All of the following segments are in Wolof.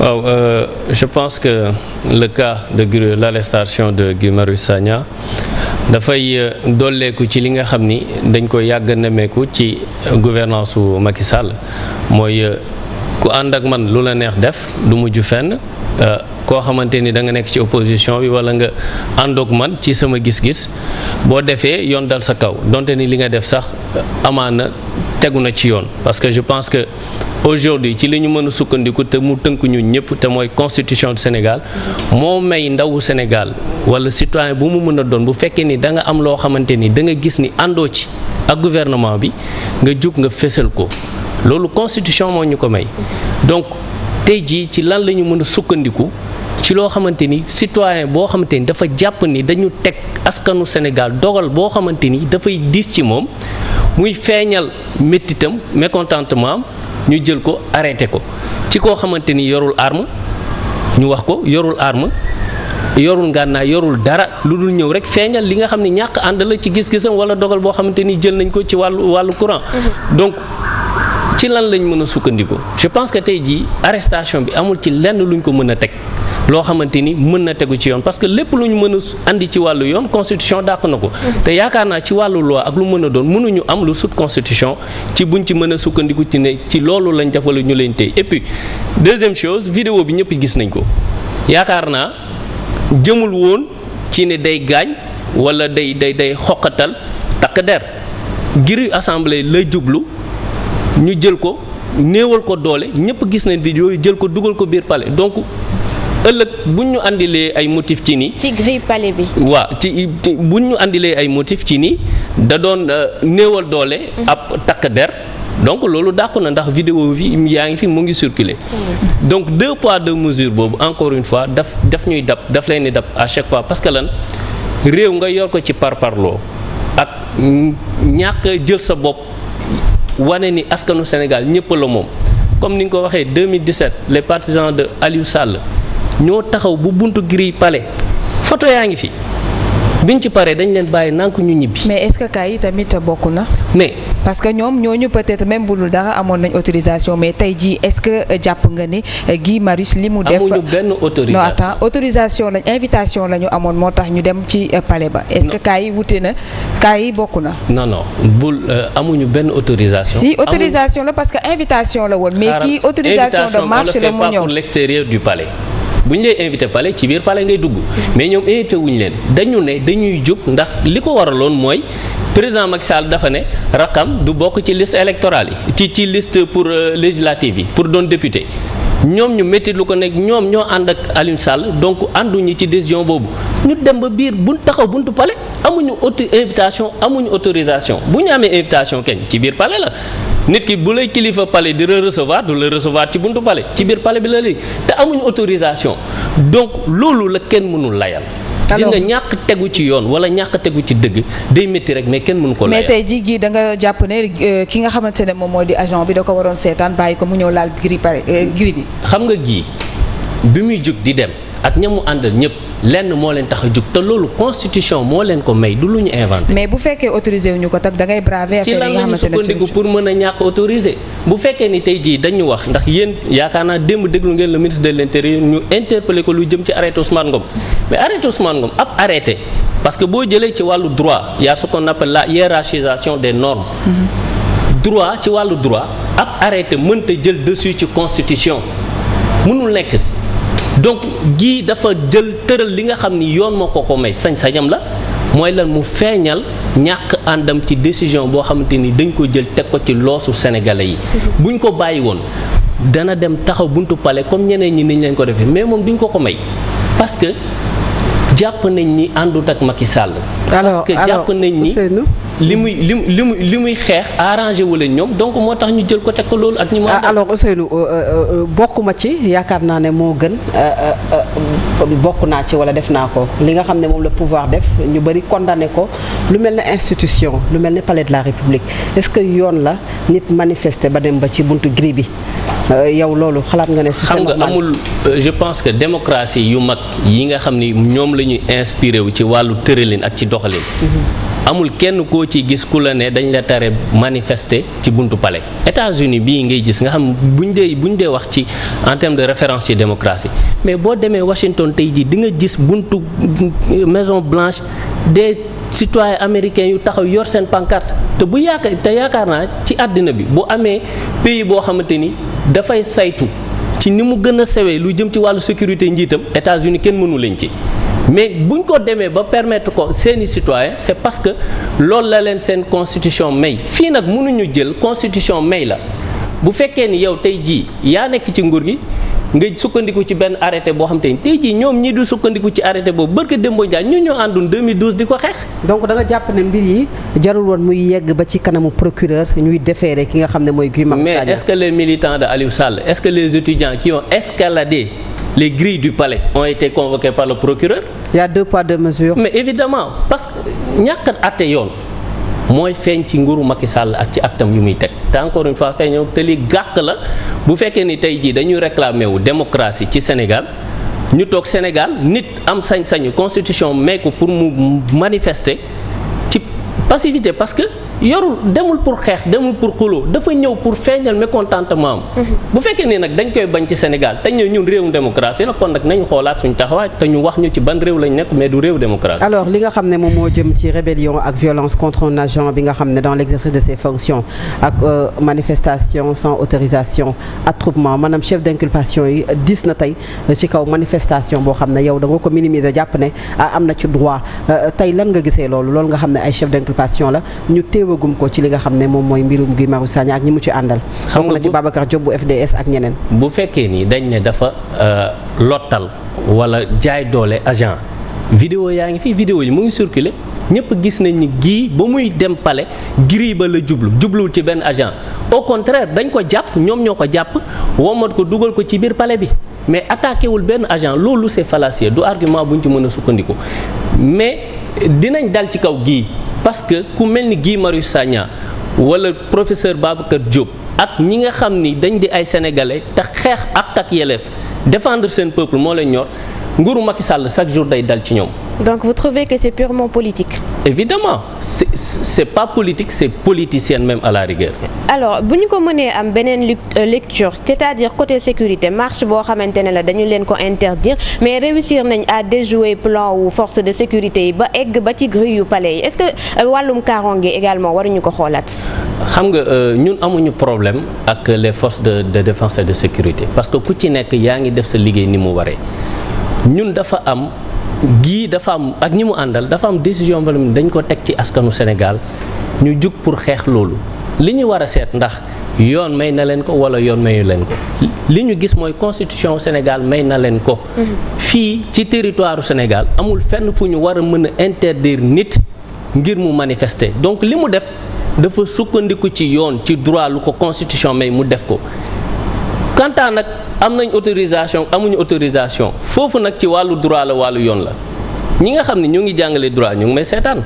waaw euh, je pense que le cas de l' arrestation de Guy Marius dafay euh, dolleeku ci li nga xam ni dañ ko yàgg nemeeku ci gouvernance su Macky Sall mooy euh, ku ànd ak man lu la neex def du mujj fenn euh, koo xamante ni da nga nekk ci opposition bi wala nga àndoog man ci sama gis-gis boo defee yoon dal sa kaw donte ni li nga def sax amaana tegu na ci yoon parce je pense que aujourd'hui ci li ñu mën a sukkandiku te mu tënk ñun ñëpp te mooy constitution du Sénégal moo may ndawu Sénégal wala citoyen bu mu mën a doon bu fekkee ni da nga am loo xamante ni da nga gis ni àndoo ci ak gouvernement bi nga jug nga fésal ko loolu constitution moo ñu ko may donc tey jii ci lan la ñu mën a sukkandiku ci loo xamante ni citoyen boo xamante ni dafa jàpp ni dañu teg askanu Sénégal dogal boo xamante ni dafay diis ci moom muy feeñal méttitam mécontentement ñu jël ko arrêté ko ci koo xamante ni yorul arme ñu wax ko yorul arme yorul ngànnaay yorul dara lu dul ñëw rek feeñal li nga xam ne ñàkk ànd la ci gis-gisam wala dogal boo xamante ni jël nañ ko ci wàllu wàllu courant mhm. donc ci lan lañ mën a sukkandiku je pense que tey ji arrestation bi amul ci lenn luñ ko mën a teg loo xamante ni mën na tegu ci yoon parce que lépp lu ñu mën a andi ci wàllu yoon constitution dàq na ko mm-hmm. te yaakaar naa ci wàllu loi ak lu mën a doon mënuñu am lu sut constitution ci buñ ci mën a sukkandiku ci ne ci loolu lañ jafalu ñu leen tey et puis deuxième chose vidéo bi ñëpp gis nañ ko yaakaar naa jëmul woon ci ne day gaañ walla day day day xoqatal takk der ngir assemblée lay jublu ñu jël ko néewal ko doole ñëpp gis nañ vidéo yi jël ko dugal ko biir palais donc ëllëg bu ñu indilee ay motif ci nii. ci grille palais bi. waaw ci bu ñu andilee ay motif ci nii da doon euh, néewal doole. Mm-hmm. ab takk der donc loolu dàqu na ndax vidéo fi yaa ngi fi mu ngi circuler mm-hmm. donc deux poids deux mesures boobu encore une fois daf daf ñuy dab daf leen di dab à chaque fois parce que lan réew nga yor ko ci par parparloo ak ñàkk jël sa bopp wane ni askanu Sénégal ñëpp la moom comme ni nga ko waxee 2017 les partisans de Aliou Sall. ñoo taxaw bu buntu gris pale foto yaa ngi fi bi ñu ci paree dañ leen bàyyi nank ñu ñibbi. mais est-ce que cas yi tamit bokk na. mais parce que ñoom ñooñu peut-être même bu dul dara amoon nañ autorisation mais tey jii est-ce que euh, jàpp nga ni euh, Guy Marius li mu def amuñu benn autorisation non attends autorisation lañ invitation la ñu amoon moo tax ñu dem ci euh, palais ba. est-ce que yi wute na cas yi bokk na. non non bul amuñu benn autorisation. si autorisation la parce que invitation la woon. mais kii autorisation de marche la mu ñëw bu ñu lay invité pale ci biir palais ngay dugg mais ñoom invité wuñu leen dañu ne dañuy jóg ndax li ko waraloon mooy président Macky Sall dafa ne rakam du bokk ci liste électorale yi ci ci liste pour euh, législative yi pour doon député ñoom ñu métti lu ko nekk ñoom ñoo ànd ak Alioune Sall donc ànduñu ci décision boobu ñu dem ba biir buñ taxaw buntu palais amuñu auto invitation amuñu autorisation bu ñu amee invitation keñ ci biir palais la nit ki bu lay kilifa pale di la recevoir du la recevoir ci buntu palais ci biir pale bi la léegi te amuñu autorisation donc loolu la kenn mënul layal. di nga ñàkk tegu ci yoon wala ñàkk tegu ci dëgg day métti rek mais kenn mënu ko layal. mais tey jii gii da nga jàpp ne euh, ki nga xamante ne moom moo di agent bi da ko waroon seetaan bàyyi ko mu ñëw laal giri pare euh, giri bi. xam nga gii bi muy jóg di dem. ak ñamu àndal ñëpp lenn moo leen tax a jug te loolu constitution moo leen ko may du lu ñu inventé. mais bu fekkee autorisé wu ñu ko tak da ngay braver affaire yi nga xamante ne ci lan la sukkandiku pour mën a ñàkk autorisé bu fekkee ni tey jii dañu wax ndax yéen yaakaar naa démb déglu ngeen le ministre de l' intérieur ñu interpellé ko lu jëm ci arrêté Ousmane Ngom mais arrêté Ousmane Ngom ab arrêté parce que boo jëlee ci wàllu droit y a ce qu'on la hiérarchisation des normes. Mm-hmm. droit ci wàllu droit ab arrêté mënta jël dessus ci constitution donc gii dafa jël tëral li nga xam ni yoon moo ko ko may sañ-sañam la mooy lan mu feeñal ñàkk àndam ci décision boo xamante ni dañ ko jël teg ko ci loosu sénégalais yi buñ ko bàyyi woon dana dem taxaw buntu pale comme ñeneen ñi niñ lañ ko defee mais moom duñ ko ko may parce jàpp nañ ni àndut ak Macky Sall. alors parce que jàpp nañ ni li muy li li mu li muy xeex arrangé wu leen ñoom donc moo tax ñu jël ko teg ko loolu ak. ñu ma ah, alors Ousseynou euh, euh, euh, bokk ma ci yaakaar naa ne moo gën bokk naa ci wala def naa ko li nga xam ne moom la pouvoir def ñu bëri condamné ko lu mel ne institution lu mel ne palais de la république est-ce que yoon la nit manifester ba dem ba ci buntu gris bi. Euh, yow xalaat nga ne. xam nga amul euh, je pense que démocratie yu mag yi nga xam ni ñoom la ñuy inspiré wu ci wàllu tëralin ak ci doxalin. Mhm. amul kenn koo ci gis ku la ne dañ la tare manifester ci buntu pale États-Unis bii ngay gis nga xam buñ dee buñ dee wax ci en terme de référence ci démocratie mais boo demee Washington tey jii di nga gis buntu euh, Maison Blanche des citoyen américain yu taxaw yor seen pancarte te bu yaakaar te yaakaar naa ci àddina bi bu amee pays boo xamante ni dafay saytu ci ni mu gën a sewee lu jëm ci wàllu sécurité njiitam États-Unis kenn mënu leen ci mais buñ ko demee ba permettre ko seeni citoyen c'est parce que loolu la leen seen constitution may fii nag mënuñu jël constitution may la bu fekkee ni yow tey jii yaa nekk ci nguur gi nga sukkandiku ci benn arrêté boo xam te ni tey ñoom ñi du sukkandiku ci arrêté boobu barke Demba Ndiaye ñun ñoo àndoon di ko xeex. donc da nga jàpp mbir yi jarul woon muy yegg ba ci kanamu procureur ñuy déférer ki nga xam ne mooy. Guy Marius Sagna mais est-ce que les militants de Aliou Sall est-ce que les étudiants qui ont escaladé. les grilles du palais ont été convoquées par le procureur. Il deux poids deux mesures. mais évidemment parce que ñàkk a yoon. mooy feeñ ci nguuru Macky Sall ak ci actam yu muy teg te encore une fois feeñoo te li gàq la bu fekkee ni tey jii dañuy réclamer wu démocratie ci Sénégal ñu toog Sénégal nit am sañ-sañu constitution may pour mu manifester. passivité parce que yorul demul pour xeex demul pour xuloo dafa ñëw pour feeñal mécontentement am. Mhm. bu fekkee ne nag dañ koy bañ ci Sénégal te ñun réewum démocratie la kon nag nañu xoolaat suñu taxawaat te ñu wax ñu ci ban réew lañ nekk mais du réew démocratie. alors li nga xam ne moom moo jëm ci rébellion ak violence contre un agent bi nga xam ne dans l' exercice de ses euh, manifestation sans autorisation attroupement maanaam chef d' inculpation yi dis na tey euh, ci kaw manifestation boo xam ne yow da nga ko minimiser jàpp ne ah, am na ci droit euh, tey lan nga gisee loolu loolu nga xam ne ay chef d' libération la ñu téewagum ko ci li nga xam ne moom mooy mbirum gi Marius Sagna ak ñi mu ci àndal xam nga ci Babacar Diop bu FDS ak ñeneen bu fekkee nii dañ ne dafa euh, lottal wala jaay doole agent vidéo yaa ngi fi vidéo yi mu ngi circulé ñëpp gis nañ ni gii ba muy dem pale giri ba la jublu jubluwul ci benn agent au contraire dañ ko jàpp ñoom ñoo ko jàpp womat ko dugal ko ci biir pale bi mais attaqué wul benn agent loolu c'est fallacieux du argument buñ ci mën a sukkandiku mais dinañ dal ci kaw gii parce que ku mel ni Guy Marius Sagna wala professeur Babacar jóob ak ñi nga xam ni dañ di ay sénégalais te xeex ak ak yelleef défendre seen peuple moo leen ñor nguuru Macky Sall chaque jour day dal ci ñoom. donc vous trouvez que c'est purement politique. évidemment c'est c'est pas politique c'est politicienne même à la rigueur. alors bu ñu ko mënee am beneen euh, lecture c'est-à-dire côté sécurité marche boo xamante ne la dañu leen ko interdire mais réussir nañ à déjouer plan wu force de sécurité yi ba egg ba ci grille yu palais yi est-ce que euh, wàllum kaaraange également waruñu ko xoolaat. xam nga euh, ñun amuñu problème ak les forces de de défense et de sécurité parce que ku ci nekk yaa ngi def sa liggéey ni mu waree. ñun dafa am gii dafa am ak ñi mu àndal dafa am décision ba dañ ko teg ci askanu Sénégal ñu jug pour xeex loolu li ñuy war a seet ndax yoon may na leen ko wala yoon mayu leen ko li ñu gis mooy constitution Sénégal may na leen ko. fii ci territoire Sénégal amul fenn fu ñu war a mën a interdire nit ngir mu manifester donc li mu def dafa sukkandiku ci yoon ci droit lu ko constitution may mu def ko. kantaan nag am nañ autorisation amuñu autorisation foofu nag ci wàllu droit la wàllu yoon la ñi nga xam ne ñu ngi jàngale droit ñu ngi may seetaan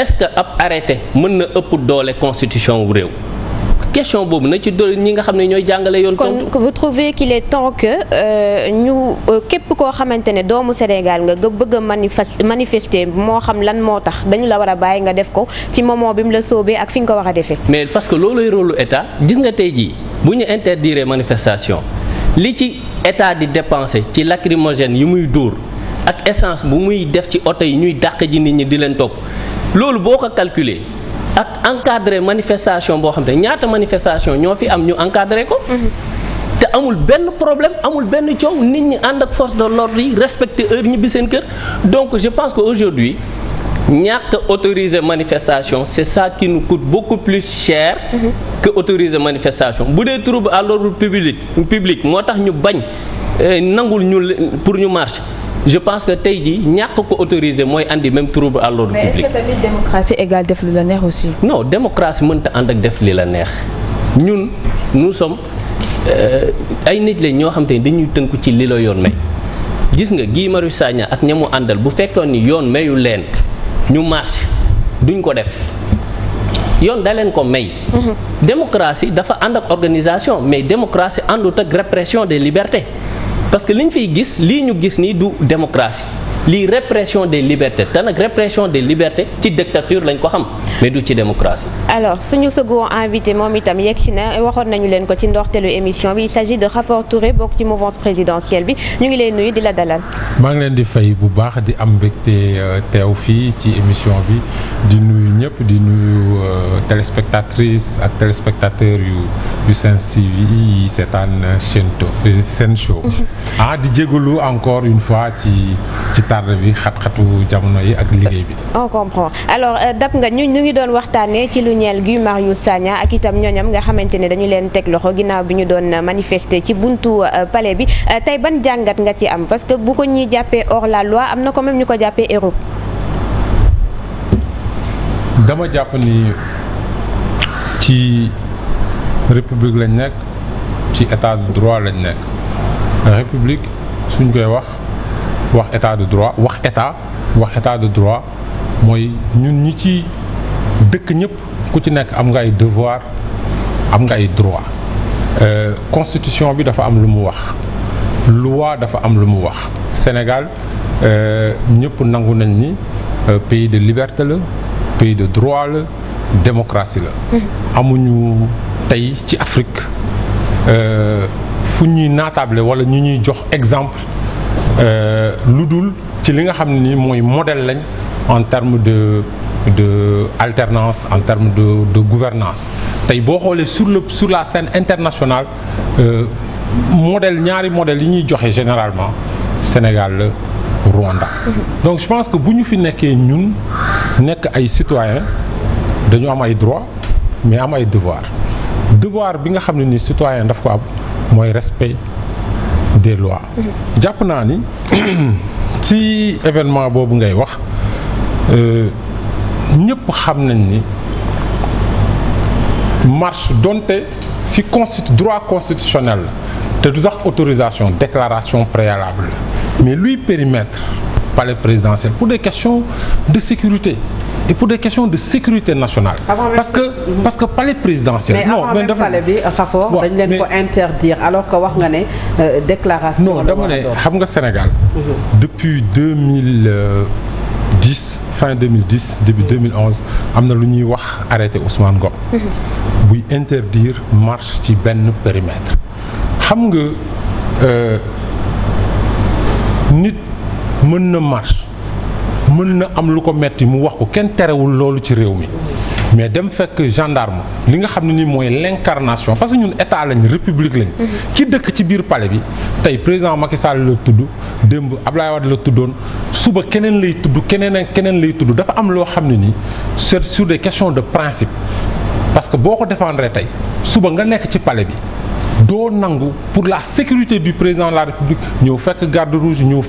est-ce que ab arrêté mën na ëpp doole constitution wu réew question boobu na ci doon ñi nga xam ne ñooy jàngale yoon. tontu kon vous trouvez qu'il est temps que euh, ñu euh, képp koo xamante ne doomu Sénégal nga nga bëgg a manifester moo xam lan moo tax dañu la war a bàyyi nga def ko ci moment bi mu la soobee ak fi nga ko wax a defee. mais parce que loolu lay rôle état gis nga tey jii bu ñu interdire manifestation li ci état di dépenser ci lacrymogène yi muy dóor ak essence bu muy def ci oto yi ñuy dàq ji nit ñi di leen topp loolu boo ko calculer. ak encadrer manifestation boo xam ne ñaata manifestation ñoo fi am ñu encadrer ko. Mhm. te amul benn problème amul benn coow nit ñi ànd ak force de l'ordre yi respecter heure ñibbi seen kër donc je pense que aujourd'hui ñàkk autoriser manifestation c'est ça qui nous coûte beaucoup plus cher. Mhm. que autoriser manifestation bu dee trouble à l'ordre public public moo tax ñu bañ. Eh, nangul ñu pour ñu marche je pense que tey jii ñàkk ko autorisé mooy andi même trouble à l'ordre public mais que tamit démocratie def li la neex aussi. non démocratie mënta ànd ak def li la neex ñun nous sommes euh, ay nit lañ ñoo xam te ni dañuy tënku ci li yoon may gis nga Guy Marius Sagna ak ñamu àndal bu fekkoon ni yoon mayu leen ñu marche duñ ko def yoon da leen ko may. Mhm. démocratie dafa ànd ak organisation mais démocratie àndut ak répression des libertés. parce que liñ fiy gis lii ñu gis nii du démocratie lii répression des libertés te nag répression des libertés ci dictature lañ ko xam mais du ci démocratie. alors suñu second invité moom itam yegg si na waxoon nañu leen ko ci ndorteelu émission bi il s'agit de Khafor Touré bokk ci mouvance présidentielle bi ñu ngi lay nuyu di la dalal. maa ngi leen di fay bu baax di am mbégte euh, tew fii ci émission bi di nuyu ñëpp di nuyu euh, téléspectatrices ak téléspectateurs yu yu Sen TV yi seetaan euh, Sen Show ah di jégalu encore tarde bi xat-xatu jamono yi ak liggéey bi. on comprend alors euh, dab nga ñu ñu ngi doon waxtaanee ci lu ñeel Guy Marius Sagna ak itam ñooñam nga xamante ne dañu leen teg loxo ginnaaw bi ñu doon manifester ci buntu euh, pale bi euh, tey ban jàngat nga ci am parce que bu ko ñuy jàppee hors la loi am na quand même ñu ko jàppee héros. dama jàpp ni ci république lañ nekk ci état de droit lañ nekk république suñ koy wax. wax état de droit wax état wax état de droit mooy ñun ñi ci dëkk ñëpp ku ci nekk am nga ay devoir am nga ay droit euh, constitution bi dafa am lu mu wax loi dafa am lu mu wax Sénégal euh, ñëpp nangu nañ ni euh, pays de liberté la pays de droit la démocratie la mm-hmm. amuñu tey ci Afrique fu ñuy naataable wala ñu ñuy jox exemple Euh, lu dul ci li nga xam ne ni mooy modèle lañ en terme de de alternance en terme de de gouvernance tey boo xoolee sur le sur la scène internationale euh, modèle ñaari modèle yi ñuy joxe généralement Sénégal la Rwanda donc je pense que bu ñu fi nekkee ñun nekk ay citoyens dañu am ay droits mais am ay devoirs devoir bi nga xam ne ni citoyen daf ko am mooy respect des lois. jàpp naa ni si événement boobu ngay wax euh, ñëpp xam nañ ni marche donte si constitu droit constitutionnel te du sax autorisation déclaration préalable mais luy périmètre. palais présidentiel pour des questions de sécurité et pour des questions de sécurité nationale. parce que mm-hmm. parce que palais présidentiel. mais non avant même palais bi euh, wax nga ne euh, déclaration. non dama ne xam nga Sénégal. Mm-hmm. depuis deux mille dix fin deux mille dix début mm-hmm. deux mille onze am na lu ñuy wax arrêté Ousmane Ngom. buy interdire marche ci benn périmètre xam nga euh, nit. mën na marche mën na am lu ko metti mu wax ko kenn terewul loolu ci réew mi mais dem fekk gendarme li nga xam ne ni mooy l'incarnation parce que ñun état lañ république lañ. ki dëkk ci biir pale bi tey président Macky Sall la tudd démb Abdoulaye Wade la tuddoon suba keneen lay tudd keneen keneen lay tudd dafa am loo xam ne ni c'est sur des questions de principe parce que boo ko défendre tey suba nga nekk ci pale bi. doo nangu pour la sécurité du président de la république ñëw fekk garde rouge ñëw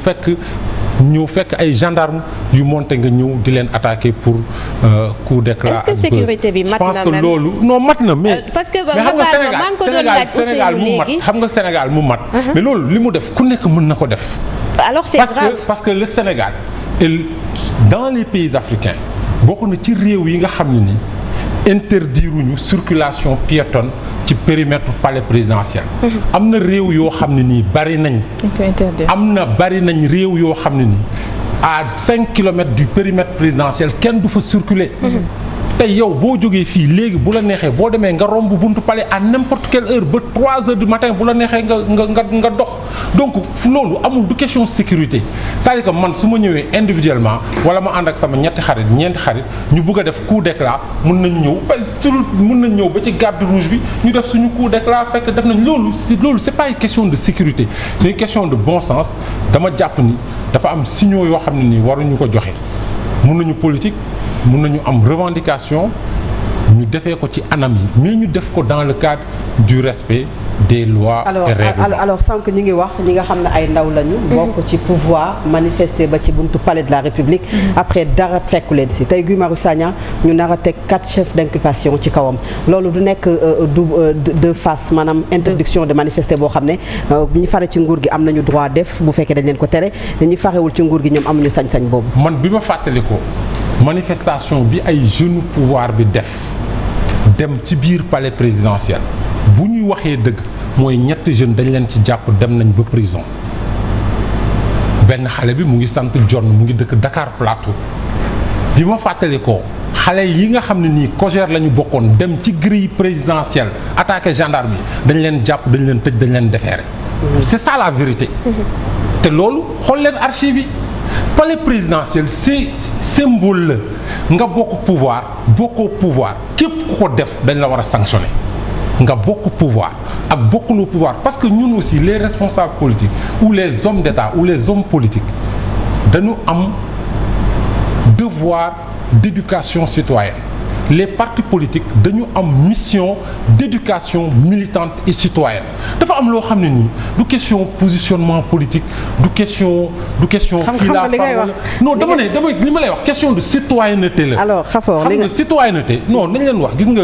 ñëw fekk ay gendarme yu monté nga ñëw di leen attaqué pour euh, coup d'éclat. est-ce que bi na loolu noo mat na mais. Euh, parce que xam nga Sénégal Sénégal mu mat xam nga Sénégal mu mat. Uh-huh. mais loolu li mu def ku nekk mën na ko def. alors c'est grave parce que le Sénégal dans les pays africains bokk na ci réew yi nga xam ne ni interdiruñu circulation piétonne. ci périmètre palais présidentiel. Mhm. am na réew yoo xam ne nii bari nañ. am na bari nañ réew yoo xam ne nii à cinq kilomètres du périmètre présidentiel kenn du fa circuler. Mhm. tey yow boo jógee fii léegi bu la neexee boo demee nga romb buntu palais à n'importe quelle heure ba trois heures du matin bu la neexee nga nga nga nga dox donc fu loolu amul du question sécurité c'est-à-dire que man su ma ñëwee individuellement wala ma ànd ak sama ñetti xarit ñeenti xarit ñu bëgg def coup d'éclat mun nañu ñëw ba turul mën nañu ñëw ba ci garde rouge bi ñu def suñu coup d'éclat fekk def nañ loolu si loolu c'est pas une de sécurité c'est une de bon sens dama jàpp ni dafa am signaux yoo xam ne nii waruñu ko joxe mën nañu politique mun na ñu am revendication ñu defee ko ci anam yi mais ñu def ko dans le cadre du respect des lois alors, et règles alors sànq ñu ngi wax ñi nga xam ne ay ndaw lañu. Mhm. bokk ci pouvoir manifester ba ci buntu palais de la république. Mhm. après dara fekku leen si tey Guy Marius Sagna ñu nar a teg quatre chefs d'inculpation ci kawam. loolu du nekk euh, euh, du euh, deux faces maanaam interdiction de manifester boo xam ne ñi faree ci nguur gi am nañu droit def bu fekkee dañ leen ko tere ñi farewul ci nguur gi ñoom amuñu sañ-sañ boobu. man bi ma fàttali ko manifestation bi ay jeune pouvoir bi def dem ci biir palais présidentiel bu ñuy waxee dëgg mooy ñetti jeune dañ leen ci jàpp dem nañ ba prison benn xale bi mu ngi sant John mu ngi dëkk Dakar Plateau bi ma fàttali ko xale yi nga xam ne nii COJER la ñu bokkoon dem ci grille présidentielle attaqué gendarme yi dañ leen jàpp dañ leen tëj dañ leen defeere c'est ça la vérité mm-hmm. te loolu xool leen archive yi présidentiel c'est symbole la nga bokk pouvoir bokkoo pouvoir képp ku ko def dañu la war a sanctionner nga bokk pouvoir ak bokk bokkuloo pouvoir parce que ñun aussi les responsables politiques ou les hommes d'État ou les hommes politiques dañu am devoir d'éducation citoyenne les partis politique dañu am mission d'éducation militante et citoyenne dafa am loo xam ne nii du question positionnement politique du question du question fii laa faral dama ne dama li ma lay wax question de citoyenneté la alors xam nga citoyenneté non nañ leen wax gis nga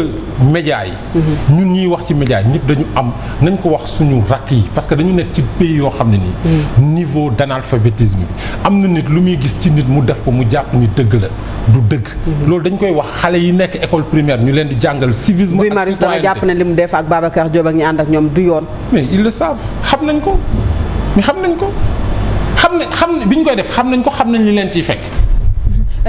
médias yi mhm. ñun ñuy wax ci médias yi ñëpp dañu am nañ ko wax suñu rakk yi parce que dañu nekk ci pays yoo xam ne nii mhm. niveau d'analphabétisme bi am na nit lu muy gis ci nit mu def ko mu jàpp ni dëgg la du dëgg mhm. loolu dañ koy yi nekk école primaire ñu leen di jàngal civisme. ak citoyenneté dama jàpp ne li mu def ak Babacar Diop ak ñi ànd ak ñoom du yoon. mais ils le xam nañ ko mais xam nañ ko xam ne xam ne bi ñu koy def xam nañ ko xam nañ li leen ciy fekk.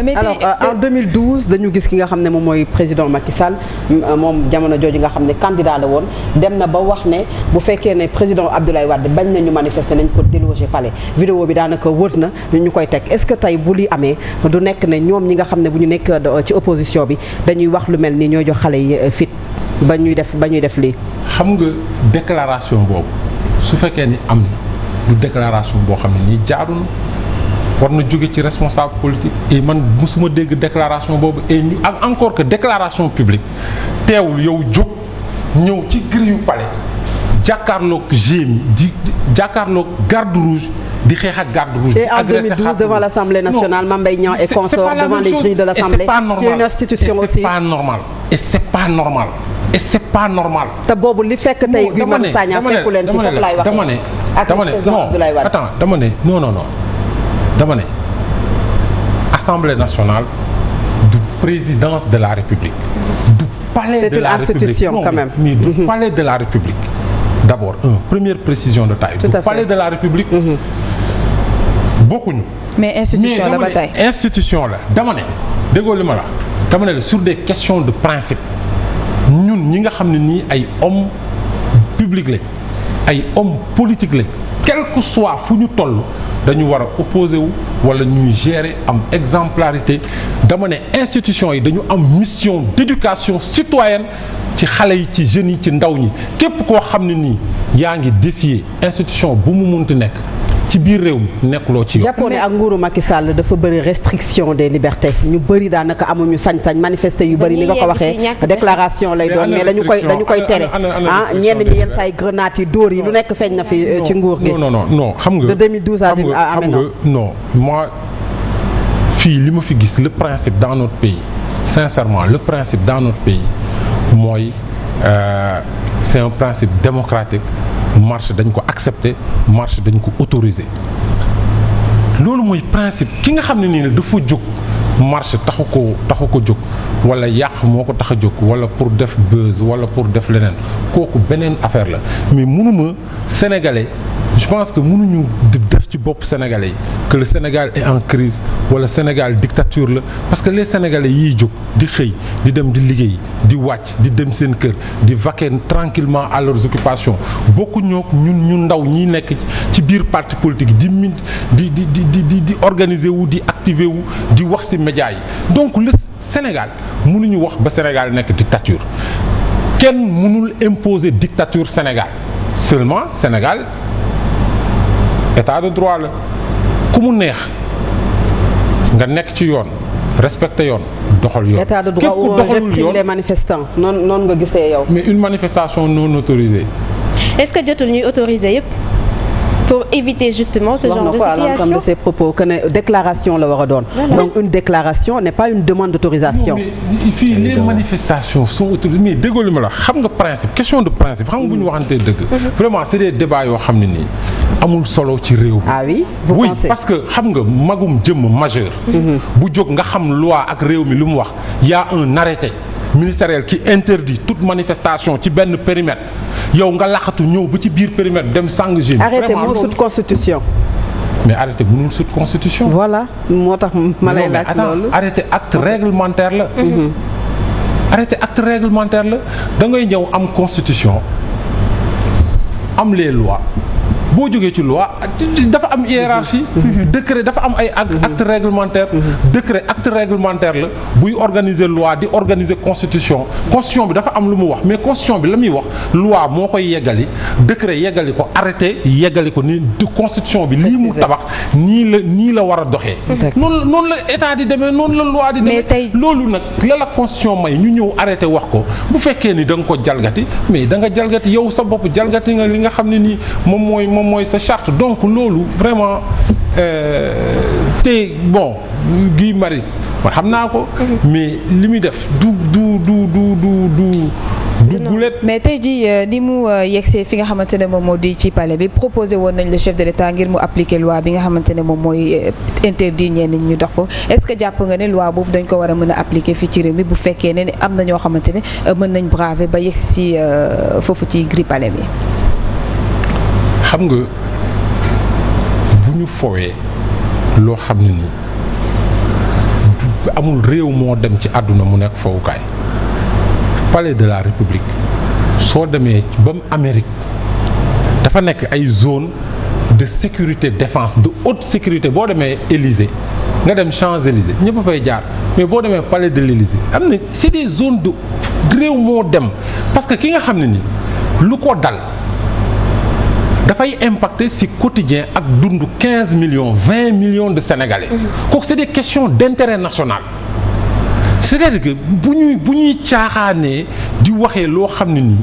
mais alors euh, en 2012 dañu gis ki nga xam ne moom mooy président Macky Sall euh, moom jamono jooju nga xam ne candidat la woon dem na ba wax ne bu fekkee ne président war Wade bañ nañu manifester nañ ko déloger palais vidéo bi daanaka wër na ñu koy teg est-ce que tey bu li amee du nekk ne ñoom ñi nga xam ne bu ñu nekk euh, ci opposition bi dañuy wax lu mel ni ñoo jox xale yi euh, fit ba ñuy def ba ñuy def lii. xam nga déclaration boobu su fekkee ni am na du déclaration boo xam war na jóge ci responsable politique et man ma dégg déclaration boobu et ñu ak encore que déclaration publique teewul yow jóg ñëw ci grille palais jàkkaarloog GMI di jàkkaarloog garde rouge di xeex ak garde rouge. et en 2012 devant l'Assemblée nationale Mame Mbaye Niang et consorts devant les grilles de l'Assemblée qui une institution aussi. c'est pas normal et c'est pas normal et c'est pas normal. te boobu li fekk tey Guy Marius Sagna fekku leen ci foofu laay wax dama ne dama ne dama ne assemblée nationale du présidence de la république. du palais de la république c'est une institution quand même. mais mm-hmm. la république. d'abord un première précision de taille. tout à fait du palais de la république. Mm-hmm. bokkuñu. mais institution la ba la dama ne déggoo li ma la dama ne la sur des questions de principe ñun ñi nga xam ne nii ay hommes publics lañ ay hommes politiques lañ quel que soit fu ñu toll. dañu war a opposé wu wala ñuy gérer am exemplarité dama ne institution yi dañu am mission d'éducation citoyenne ci xale yi ci jeunes yi ci ndaw ñi képp koo xam ne nii yaa ngi défier institution bu mu ti nekk ci biir réew mi nekkuloo ci yoon. jàppoon ne ak nguuru Macky Sall dafa bëri restriction des libertés ñu bëri daanaka amuñu sañ-sañ manifester yu bëri li nga ko waxee déclaration lay doon mais dañu koy dañu koy tere ah ñenn ñi yenn saa yi grenades yi dóor yi lu nekk feeñ na fi ci nguur gi. non non non xam nga de 2012 à maintenant non moi fii li ma fi gis le principe dans notre pays sincèrement le principe dans notre pays mooy euh, c'est un principe démocratique. marche dañu ko accepte marche dañ ko autorisé loolu mooy principe ki nga xam ne nii nag dafa jóg marche taxu ko taxu ko jóg wala yàq moo ko tax a jóg wala pour def buzz wala pour def leneen kooku beneen affaire la mais mënuma sénégalais je pense que mënuñu ci bopp sénégalais yi que le Sénégal est en crise wala Sénégal dictature la parce que les sénégalais yiy jóg di xëy di dem di liggéey di wàcc di dem seen kër di vaquer tranquillement à leurs occupations bokku ñun ñu ndaw ñi nekk ci biir partie politique di min di di di di di organiser wu di activer wu di wax ci médias yi donc le Sénégal mënuñu wax ba Sénégal nekk dictature kenn mënul imposer dictature Sénégal seulement Sénégal état de droit la ku mu neex nga nekk ci yoon respecté yoon doxal yoon. état de droit ou réprime les manifestants noonu noonu nga gisee yow. mais une manifestation non autorisée. est-ce que jotul ñuy autoriser yëpp. pour éviter justement ce genre de situation wax na ko à l'entame de ses propos que ne la war a doon. donc une déclaration n'est pas une demande d'autorisation. fii les manifestations sont autorisées mais déggoo li ma la xam nga principe question de principe xam nga bu ñu waxantee dëgg. Mhm. vraiment c'est des débats yoo amul solo ci réew mi. ah oui vous parce que xam nga magum jëmm majeur. Mhm. bu jóg nga xam loi ak réew mi lu mu wax y a un arrêté ministériel qui interdit toute manifestation ci benn périmètre yow nga laxatu ñëw ba ci biir périmètre dem sàng jeunes. arrêté moo sut constitution. mais arrêté sut constitution. voilà moo tax ma lay laaj loolu arrêté acte réglementaire la. Mhm. arrêté acte la da ngay ñëw am constitution am les lois. boo jógee ci loi dafa am hiérarchie décret dafa am ay acte réglementaire décret acte réglementaire la buy organiser loi di organiser constitution constitution bi dafa am lu mu wax mais constitution bi la muy wax loi moo koy yeggali décret yeggali ko arrêté yeggali ko ni constitution bi lii mu tabax nii la nii la war a doxee noonu noonu la état di demee noonu la loi di demee loolu nag la la constitution may ñu ñëw arrêté wax ko bu fekkee ni da nga jalgati mais da nga jalgati yow nga xam ne nii moom mooy sa charte donc loolu vraiment euh, te bon Guy Marius man xam naa ko. mais li muy def du du du du du du. mais tey jii euh, ni mu euh, yegsee fi nga xamante ne moom moo di ci palais bi proposé woon nañ le chef de l'état ngir mu appliquer loi bi nga xamante ne moom mooy interdit ñenn ñi ñu dox ko est-ce que jàpp nga ne loi boobu dañ ko war a mën a appliquer fii ci réew mi bu fekkee ne am na ñoo xamante ne mën nañ braver ba yegsi foofu ci gris palais bi. xam nga bu ñu foowee loo xam ne nii amul réew moo dem ci àdduna mu nekk fowukaay palais de la république soo demee ba mu Amérique dafa nekk ay zone de sécurité defence de haute sécurité boo demee Élysée nga dem Champs-Élysées ñëpp fay jaar mais boo demee palais de l'Élysée am na c'est des zones de réew moo dem parce que ki nga xam ne nii lu ko dal dafay impacter ci quotidien ak dund 15 millions 20 millions de sénégalais. Mhm. kooku c'est des questions d'intérêt national. cest à que bu ñuy bu ñuy caaxaanee di waxee loo xam ne nii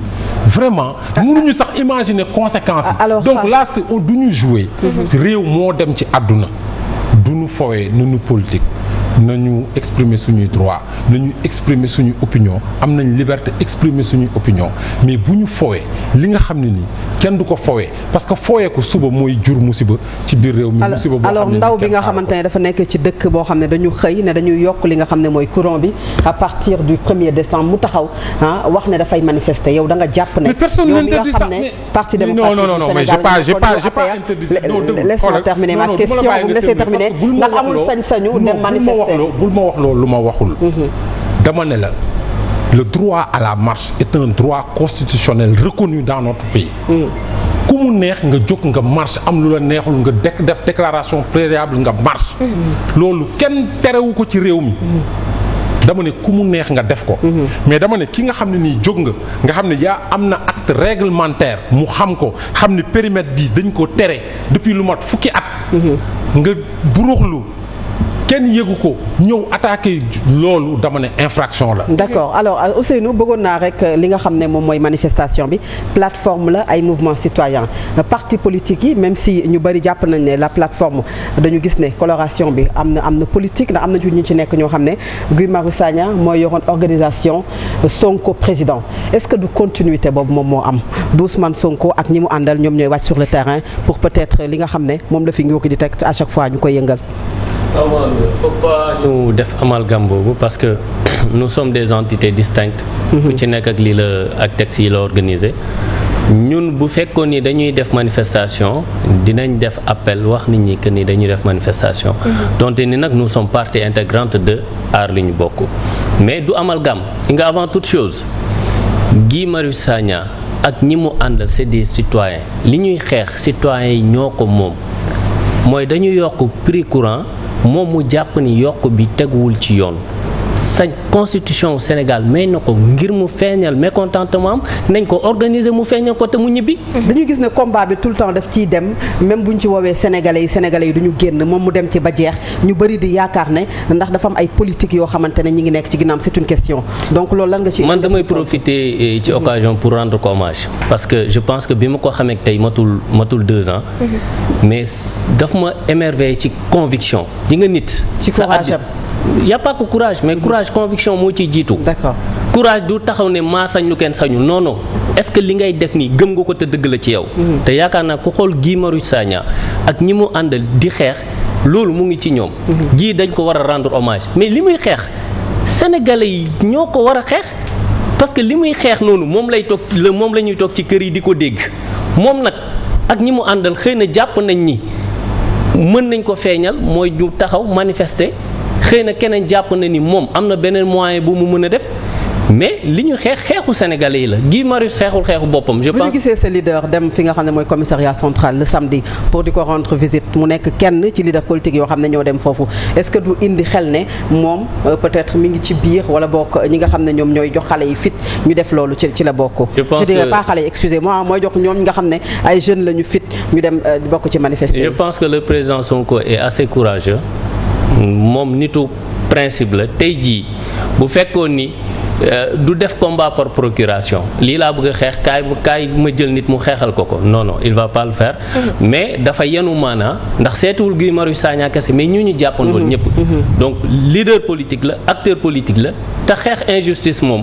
vraiment mënuñu sax imaginer conséquence yi ah, donc là c'est du ñu jouer mhm. réew moo dem ci àdduna duñu fowee nañu politique nañu exprimer suñuy droit nañu exprimer suñu opinion am nañ liberté exprimer suñuy opinion mais bu ñu fowee li nga xam ne nii kenn du ko fowee parce que fowee ko suba mooy jur musiba ci biir réew mi musiba boo alors bi nga xamante ne dafa nekk ci dëkk boo xam ne dañu xëy ne dañuy yokk li nga xam ne mooy courant bi à partir du premier décembre mu taxaw ah wax ne dafay manifester yow da nga jàpp ne. mais personne n'interdit ça mais parti démocratique non non na ma wax loo ndax amul sañ-sañu dem manifester bul ma wax loo lu ma waxul. Mhm. dama ne la le droit à la marche est un droit constitutionnel reconnu dans notre mhm. ku mu neex nga jóg nga marche am lu la neexul nga def déclaration préalable nga marche. Mhm. loolu kenn terewu ko ci réew mi. dama ne ku mu neex nga def ko. Mhm. mais dama ne ki nga xam ne nii jóg nga nga xam ne yaa am na at réglementaire mu xam ko xam ne périmètre bi dañ ko tere depuis lu mat fukki at. Mhm. nga buruxlu kenn yëgu ko ñëw attaqué loolu dama ne infraction la. d'accord alors euh, Ousseynou bëggoon naa rek euh, li nga xam ne moom mooy manifestation bi plateforme la ay mouvement citoyen euh, parti politique yi même si ñu bëri jàpp nañ ne la plateforme dañu gis ne coloration bi am na am na politique ndax am na ñu ci nekk ñoo xam ne Guy Marius Sagna mooy yoroon organisation Sonko président est-ce que du continuité boobu moom moo am du Ousmane Sonko ak ñi mu àndal ñoom ñooy wàcc sur le terrain pour peut-être li nga xam ne moom la fi nguur gi di teg fois ñu koy yëngal. faut def amalgame boobu parce que nu sommes des entités distinctes. Mhm. ku ci nekk ak lii la ak texte yi la organisé. ñun bu fekkoon ni dañuy def manifestation dinañ def appel wax nit ñi que ni dañuy def manifestation. Mhm. donte ni nag nous sommes partie intégrante de aar li ñu bokk. mais du amalgame nga avant tout chose Guy Marius Sagna ak ñi mu àndal c'est des citoyens li ñuy xeex citoyens yi ñoo ko moom mooy dañu yokk prix courant. moom mu jàpp ni yokk bi teguwul ci yoon sañ constitution Sénégal may na ko ngir mu feeñal mécontentement am nañ ko organiser mu feeñal ko te mu ñibbi. dañu gis ne combat bi tout le temps daf ciy dem même buñ ci woowee sénégalais yi sénégalais yi du ñu génn moom mu dem ci ba jeex ñu bari di yaakaar ne ndax dafa am ay politique yoo xamante ne ñu ngi nekk ci ginnaaw c'est une question donc loolu lan nga ci. man damay profiter euh, ci mm-hmm. occasion pour rendre ko hommage parce que je pense que bi ma ko xamee tey matul matul mm-hmm. ma émerveillé ci conviction. y' a pas que courage mais courage conviction moo ciy jiitu. d'accord courage du taxaw ne maa sañ lu kenn sañu non non est-ce que li ngay def nii gëm nga ko te dëgg la ci yow. Mm-hmm. te yaakaar naa ku xool gii Guy Marius Sagna ak ñi mu àndal di xeex loolu mu ngi ci ñoom. Mm-hmm. gii dañ ko war a rendre hommage mais li muy xeex sénégalais yi ñoo ko war a xeex parce que li muy xeex noonu moom lay toog moom la ñuy toog ci kër yi di ko dégg moom nag ak ñi mu àndal xëy na jàpp nañ ni mën nañ ko feeñal mooy ñu taxaw manifester. xëy na keneen jàpp na ni moom am na beneen moyen bu mu mën a def mais li ñu xeex xeexu sénégalais yi la Guy Marius xeexul xeexu boppam. je pense bu ñu gisee sa leader dem fi nga xam ne mooy commissariat central le samedi pour di ko rendre visite mu nekk kenn ci leader politique yoo xam ne ñoo dem foofu est-ce que du indi xel ne moom euh, peut-être mu ngi ci biir wala bokk ñi nga xam ne ñoom ñooy jox xale yi fit ñu def loolu ci ci la bokk. je xale yi excusez-moi mooy jox ñoom nga xam ne ay jeunes la fit ñu dem euh, bokk ci manifester. je pense que le président Sonko est assez moom nitu principe la tey jii bu fekkoon ni euh, du def combat par procuration lii laa bëgg xeex kaay kaay ma jël nit mu xeexal ko ko non non il va pas faire. Mm-hmm. mais dafa yenu maanaa ndax seetuwul Guy Marius Sagna kese mais ñu ñu jàppandoon mm-hmm. ñëpp. Mm-hmm. donc leader politique la acteur politique la te xeex injustice moom.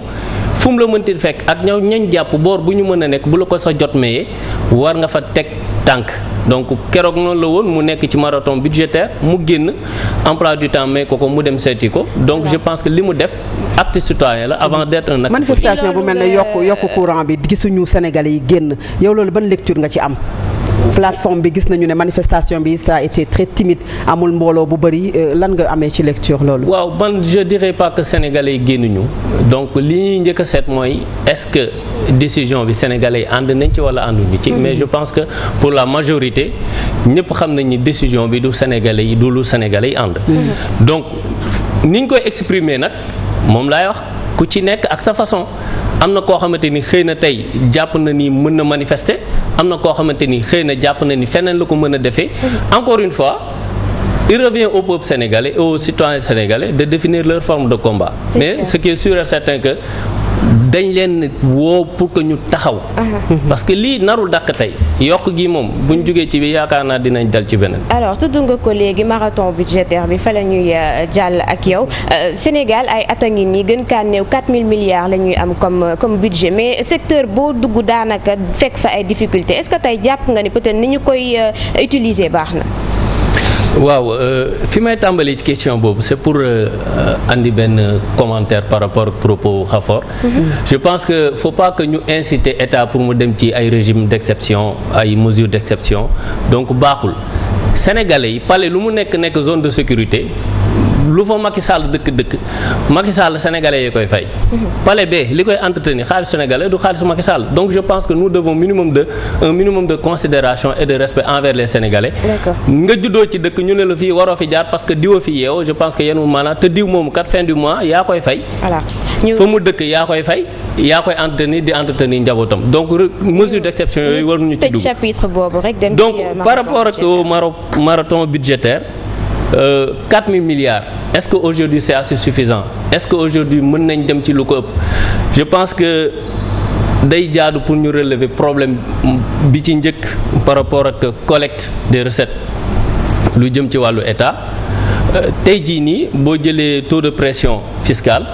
fu mu la mënti fekk ak ñaw ñañ jàpp boor bu ñu mën a nekk bu la ko sa jot mayee war nga fa teg tànk donc keroog noonu la woon mu nekk ci marathon budgétaire mu génn emploi du temps may ko ko mu dem seeti ko donc je pense que li mu def acte citoyen la avant d'être un acte manifestation bu mel ne yokk yokk courant bi gisuñu Sénégalais yi génn yow loolu ban lecture nga ci am plateforme bi gis nañu ne manifestation bi ça a été très timide amul mbooloo bu bëri euh, lan nga amee ci lecture loolu. waaw man je dirais pas que sénégalais yi génnuñu donc li ñuy njëkk a seet mooy est-ce que décision bi sénégalais yi ànd nañ ci wala ànduñu ci. Mm-hmm. mais je pense que pour la majorité ñëpp xam nañ ni décision bi du sénégalais yi du lu sénégalais yi ànd. Mm-hmm. donc niñ koy exprimer nag moom laay wax. ku ci nekk ak sa façon am na koo xamante ni xëy na tey jàpp na nii mën na manifester am na koo xamante ni xëy na jàpp na ni feneen la ko mën a defee encore une fois il revient au peuple sénégalais et aux de définir leur forme de combat mais ce qui est sûr et certain que dañ leen woo pour ko ñu taxaw. Uh-huh. parce que lii narul dàq tey yokk gi moom bu buñ jugee ci bi yaakaar naa dinañ dal ci beneen. alors tudd nga ko léegi marathon budgétaire bi fa la ñuy euh, jàll ak yow euh, Sénégal ay at a ngi nii gën kaa néew 4000 milliards lañuy am comme euh, comme budget mais secteur boo dugg daanaka fekk fa ay difficultés est-ce que tey jàpp nga ni peut-être ni ñu koy utiliser baax na. waaw euh, fi may tàmbali ci question boobu c'est pour euh, andi benn euh, commentaire par rapport ak propos Khafor mhm. je pense que faut pas que ñu inciter état pour mu dem ci ay régime d'exception ay mesures d'exception donc baaxul sénégalais yi pale lu mu nekk nekk zone de sécurité lu fa Macky Sall dëkk dëkk Macky Sall sénégalais yi koy fay. palais bi li koy entretenir xaalis sénégalais du xaalis Macky Sall donc je pense que nous devons minimum de un minimum de considération et de respect envers les sénégalais. nga juddoo ci dëkk ñu ne la fii waroo fi jaar parce que diwa fi yeewoo je pense que yéen maanaam te diw moomu kat fin du mois yaa koy fay. fa mu dëkk yaa koy fay yaa koy entretenir di entretenir njabootam donc mesure d'exception yooyu euh, 4 000 milliards est-ce que aujourd'hui c'est assez suffisant est-ce que aujourd'hui mën nañ dem ci lu ko ëpp je pense que day jaadu pour ñu relever problème bi ci njëkk par rapport ak collecte des recettes lu jëm ci wàllu état euh, tey jii nii boo jëlee taux de pression fiscale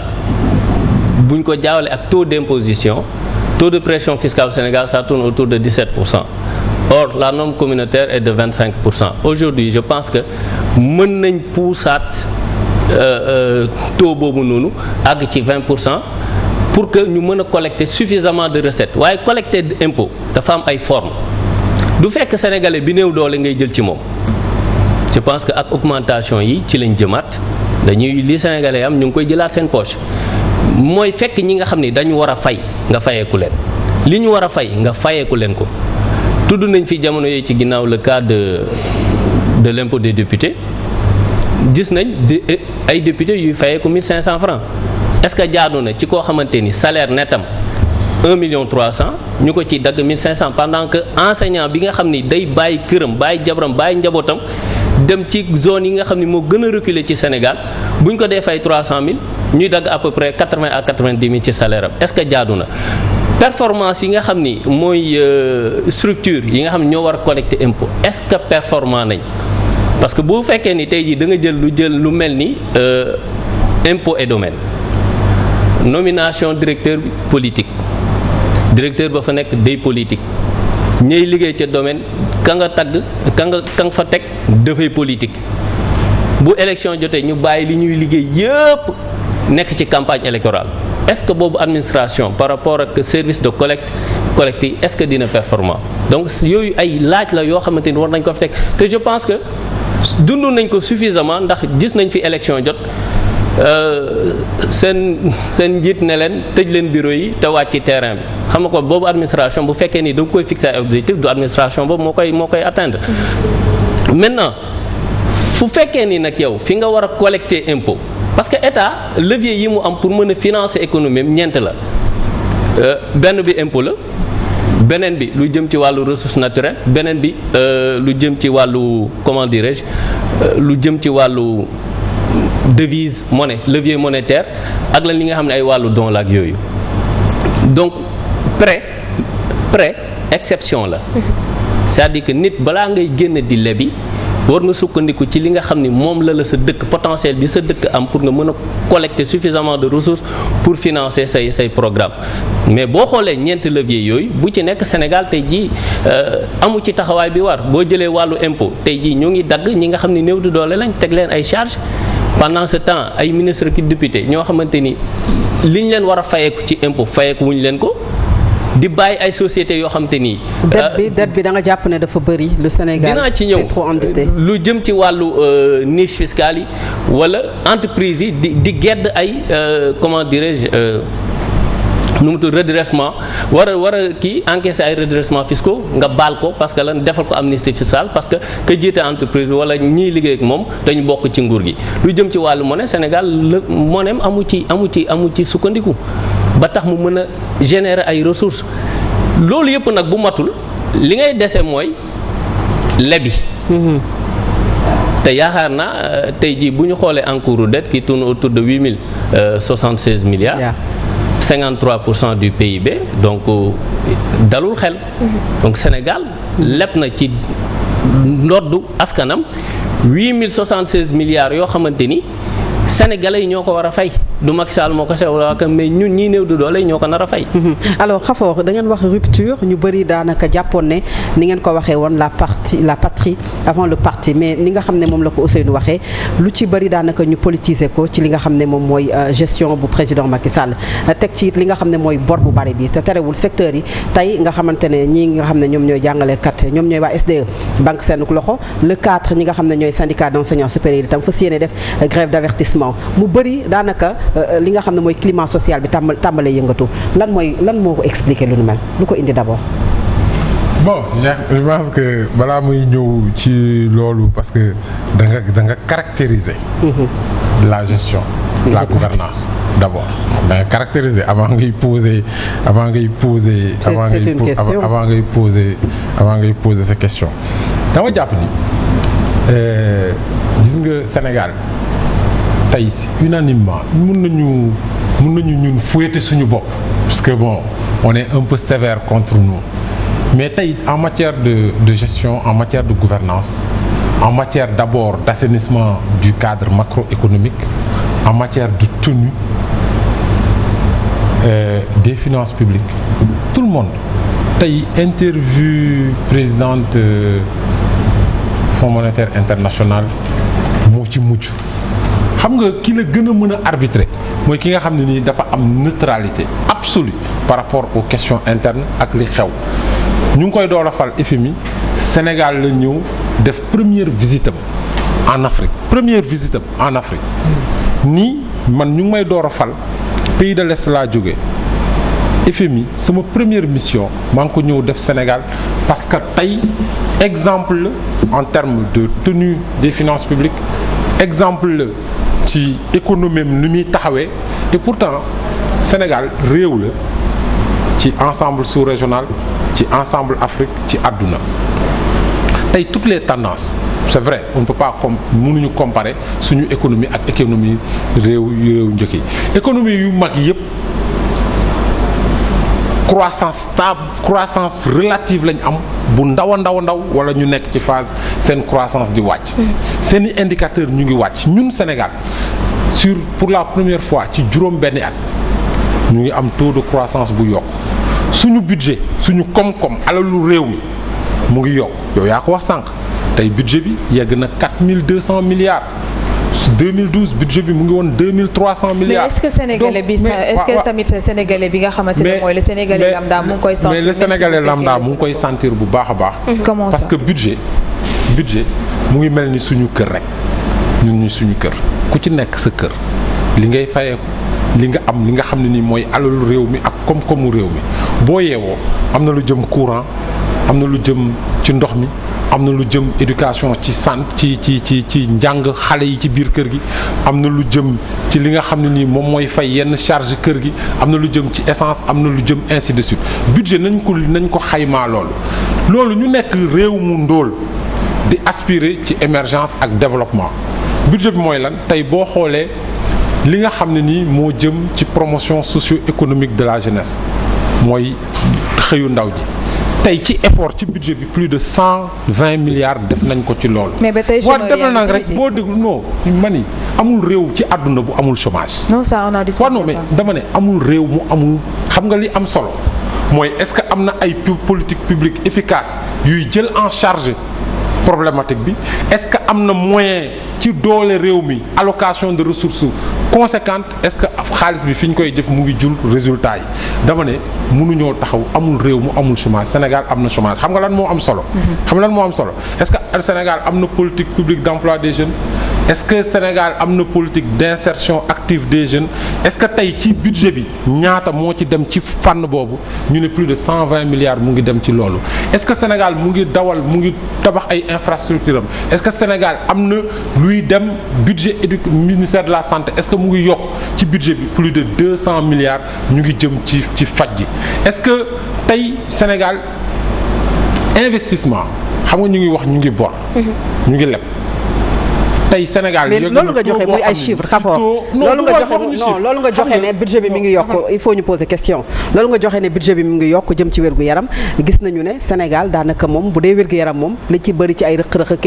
buñ ko jaawale ak taux d'imposition taux de pression fiscale au Sénégal ça tourne autour de 17 pour cent or la norme communautaire est de 25 cent aujourd'hui je pense que mën nañ puusaat euh, euh, taux boobu noonu àgg ci 20 pour cent pour que ñu mën a collecter suffisamment de recettes waaye collecter impôt dafa am ay formes du fekk sénégalais bi néew doole ngay jël ci moom. je pense que ak augmentation yi ci lañ jëmaat dañuy li sénégalais am ñu ngi koy jëlaat seen poche mooy fekk ñi nga xam ni dañu war a fay nga fayeeku leen li ñu war a fay nga fayeeku leen ko tudd nañ fi jamono yooyu ci ginnaaw le cas de. de l'impôt des députés gis nañ eh, ay députés yuy fayee ko 1500 francs est-ce que jaadu na ci koo xamante ni salaire netam 1 million 300 ñu ko ci dagg 1500 pendant que enseignant bi nga xam ni day bàyyi këram bàyyi jabaram bàyyi njabootam dem ci zone yi nga xam ni moo gën a reculer ci Sénégal bu ñu ko dee fay mil ñuy dagg à peu près 80 à 90 000 ci salaire am est-ce que jaadu na. performance yi nga xam ni mooy euh, structure yi nga xam ni ñoo war a collecter impôt est-ce que nañ. parce que bu fekkee ni tey jii da nga jël lu jël lu mel ni euh, impôt et domaine nomination directeur politique directeur ba fa nekk day politique ñay liggéey ca domaine ka nga tagg ka nga ka nga fa teg dafay politique bu élection jotee ñu bàyyi li ñuy liggéey yépp nekk ci campagne électorale est-ce que boobu administration par rapport ak service de collecte collecte yi est-ce que dina performant donc yooyu ay laaj la yoo xamante ni war nañ ko fa teg te je pense que dund nañ ko suffisamment ndax gis nañ fi élection jot euh, seen seen njiit ne leen tëj leen bureau yi te wàcc ci terrain bi xam nga ko boobu administration bu fekkee nii da nga koy fixer ay objectif du administration boobu moo koy moo koy atteindre maintenant fu fekkee nii nag yow fi nga war a collecter impôt parce que état levier yi mu am pour mën a financer économie ñeent la euh, benn bi impôt la beneen bi lu jëm ci wàllu ressource naturelle beneen bi euh, lu jëm ci wàllu comment dirais euh, lu jëm ci wàllu devise monnaie levier monétaire ak la li nga xam ne ay wàllu don la ak yooyu donc prêt prêt exception la mm-hmm. c'est-à-dire que nit balaa ngay génn di lebi war nga sukkandiku ci li nga xam ni moom la la sa dëkk potentiel bi sa dëkk am pour nga mën a collecter suffisamment de ressources pour financer say say programme mais boo xoolee ñeent levier yooyu bu ci nekk Sénégal tey jii euh, amu ci taxawaay bi war boo jëlee wàllu impôt tey jii ñoo ngi dagg ñi nga xam ni néew du doole lañ teg leen ay charges pendant ce temps ay ministre ki député ñoo xamante ni liñ leen war a fayeeku ci impôt fayeeku wuñ leen ko di bàyyi ay sociétés yoo xam te nii. Euh, dette bi dette jàpp ne dafa bëri. le Sénégal ci ñëw lu jëm ci wàllu euh, niche fiscale yi wala entreprise yi di gedd ay euh, comment dirais-je. nu mu tudd redressement war a war a kii encaissé ay redressement fiscaux nga baal ko parce que lan defal ko amnistie fiscale parce que que jiite entreprise bi wala ñiy liggéey ak moom dañu bokk ci nguur gi lu jëm ci wàllu monnaie Sénégal la monnaie amu ci amu ci amu ci sukkandiku ba tax mu mën a générer ay ressource loolu yëpp nag bu matul li ngay dese mooy lebi mhm. te yaakaar naa euh, tey jii bu ñu xoolee encours de dette qui tourne autour de mille euh, soixante seize milliards yeah. 53 pour cent du PIB donc euh, dalul xel. Mhm. donc Sénégal leb na ci ndoddu askanam 8076 milliards yoo xamante ni. sénégalais yi ñoo ko war a fay du Macky Sall moo ko sew la mais ñun ñii néew du doole ñoo ko nar a fay. alors Khafor wax rupture ñu bëri daanaka jàppoon ne ni ko waxee woon la parti la patrie avant le mais ni nga xam ne moom la ko Ousseynou waxee lu ci bëri daanaka ñu politiser ko ci li nga xam ne moom mooy euh, gestion bu président Macky Sall teg ci it li nga xam ne mooy bor bu bari bi te terewul secteur yi tey nga xamante ne ñii nga xam ne ñoom ñooy jàngalekat ñoom ñooy waa SDE banque seen loxo ne ñooy syndicat investissement bu bëri daanaka euh, li nga xam ne mooy climat social bi tàmbal tàmbalee yëngatu lan mooy lan moo ko expliquer lu nu mel lu ko indi d'abord. bon je pense balaa muy ñëw ci loolu parce que da nga da nga caractériser. Mhm. la gestion. la mhm. gouvernance d'abord da nga caractériser avant ngay poser avant ngay poser. avant ngay avant ngay poser avant ngay poser sa question. dama jàpp ni euh, gis nga Sénégal. tey unanimement mun nañu mun nañu ñun fouetter suñu bopp parce que bon on est un peu sévère contre nous mais tey en matière de de gestion en matière de gouvernance en matière d'abord d'assainissement du cadre macroéconomique en matière de tenue euh, des finances publiques tout le monde tey interview présidente euh, Fonds monétaire international moo ci xam nga ki la gën a mën a arbitrer mooy ki nga xam ne nii dafa am neutralité absolue par rapport aux question internes ak li xew ñu ngi koy door a fal FMI Sénégal la ñëw def première visite en Afrique première visite en Afrique nii man ñu ngi may door a fal pays de l'Est laa jóge FMI sama première mission maa ngi ko ñëw def Sénégal parce que tey exemple en termes de tenue des finances publique exemple ci économie am ni muy taxawee et pourtant Sénégal réew la ci ensemble sous-régional ci ensemble Afrique ci àdduna tey toutes les tendances c'est vrai on ne peut pas mënuñu comparer suñu économie ak économie réew yu réew njëkk yi économie yu mag yëpp. croissance stable croissance relative lañu am bu ndaw a ndaw a wala ñu nekk ci phase seen croissance di wàcc. Mm. seen i indicateurs ñu ngi wàcc ñun Sénégal sur pour la première fois ci juróom-benni at ñu ngi am taux de croissance bu yokk suñu budget suñu koom-koom alalu réew mi mu ngi yokk yow yaa ko wax sànq tey budget bi yegg na 4200 milliards. 2012 budget bi mu ngi woon 2300 milliards. mais est-ce que sénégalais bi est-ce que tamit sénégalais bi nga xamante ne mooy le sénégalais lambda mu koy sentir. mais le mu ngi koy sentir bu baax a baax. Mm-hmm. comment ça parce que budget mu ngi mel ni suñu kër rek ñun ñu suñu kër ku ci nekk sa kër li ngay fayee li nga am li nga xam ne nii mooy alalu réew mi ak koom-koomu réew mi boo yeewoo am na lu jëm courant am na lu jëm ci ndox mi. am na lu jëm éducation ci sant ci ci ci ci njàng xale yi ci biir kër gi am na lu jëm ci li nga xam ne nii moom mooy fay yenn charge kër gi am na lu jëm ci essence am na lu jëm ainsi de suite budget nañ ko li nañ ko xaymaa loolu loolu ñu nekk réew mu ndóol di aspirer ci émergence ak développement budget bi mooy lan tey boo xoolee li nga xam ne nii moo jëm ci promotion socio-économique de la jeunesse mooy xëyu ndaw ji tey ci effort ci budget bi plus de cent vingt milliards def nañ ko ci lool mais ba tey chômage rek boo déglu non ma ni amul réew ci àdduna bu amul chômage. non ça on a discuté non mais dama ne amul réew mu amul xam nga li am solo mooy est-ce que am na ay politique publique efficace yuy jël en charge problématique bi est-ce que am na moyen ci doole réew mi allocation de ressources conséquente est xaalis bi fi ñu koy def mu ngi jur résultat yi dama ne mënuñoo taxaw amul réew mu amul chômage Sénégal am na chômage xam nga lan moo am solo. Mhm. xam nga lan moo am solo est-ce que Sénégal am na politique publique d'emploi des jeunes. est-ce que Sénégal am na politique d'insertion active des jeunes est-ce que tey ci budget bi ñaata moo ci dem ci fànn boobu ñu ne plus de 120 milliards mu ngi dem ci loolu est-ce que Sénégal mu ngi dawal mu ngi tabax ay infrastructure am est-ce que Sénégal am na luy dem budget édu ministère de la santé est-ce que mu ngi yokk ci budget bi plus de 200 milliards ñu ngi jëm ci ci faj gi est-ce que tey Sénégal investissement xam nga ñu ngi wax ñu ngi bor mhm. ñu ngi leb tey Sénégal. mais loolu nga joxe muy ay chiffres xafoor loolu nga joxe non loolu nga joxe ne budget bi mi ngi yokk il faut ñu poser question loolu nga joxe ne budget bi mu ngi yokk jëm ci wér gu yaram gis nañu ne Sénégal daanaka moom bu dee wér gu yaram moom li ci bëri ci ay rëq-rëq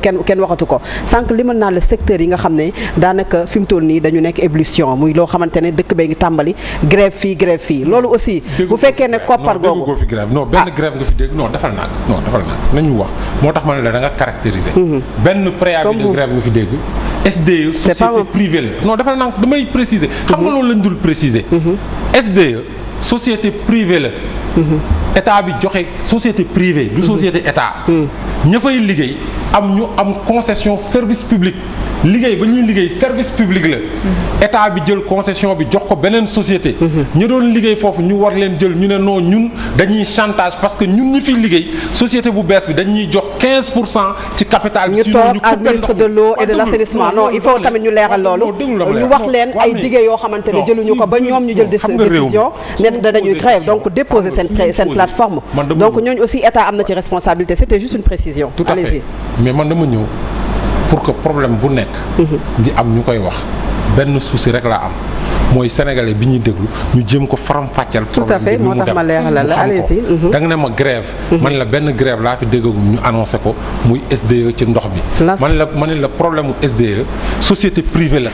kenn kenn waxatu ko sànq limal naa la secteur yi nga xam ne daanaka fi mu toll nii dañu nekk ébullition muy loo xamante ne dëkk bee ngi tàmbali grève fii grève fii loolu aussi bu fekkee ne koppar googu fi grève non benn ah. grève nga fi dégg non defal naa moo tax ma la da nga caractériser mm-hmm. benn préavis fi dégg SDE société privée la non dafa nank damay préciser xam nga mhm. loolu lañ dul préciser mhm. SDE société privée la. Mm-hmm. état bi joxe société privée. du mm-hmm. société état. Mm-hmm. ña fay liggéey am ñu am concession service public liggéey ba ñuy liggéey service public la. état bi jël concession bi jox ko beneen société. ñu doon liggéey foofu ñu war leen jël ñu ne non ñun dañuy chantage parce que ñun ñu fiy liggéey société bu bees bi dañuy jox 15 pour cent ci capital bi. sinon ñu coupé ndox de l'eau et de l'assainissement non il faut tamit ñu leeral loolu. ñu wax leen ay liggéey yoo xamante ne jëluñu ko ba ñoom ñu jël décision dañuy dañuy grève donc déposer seen ah, seen plateforme donc ñooñu aussi état am na ci responsabilité c'était juste une précision tout à fait mais man dama pour que problème bu nekk mhm. di am ñu koy wax benn souci rek laa am mooy sénégalais bi ñuy déglu ñu jéem ko faram-fàcceel. tout à fait moo tax ma leeralal la allez-y mhm. da nga ne ma grève. Mhm. man la benn grève laa fi déggagum ñu annoncé ko muy SDE ci ndox mi. man la man la problème mu SDE société privée la.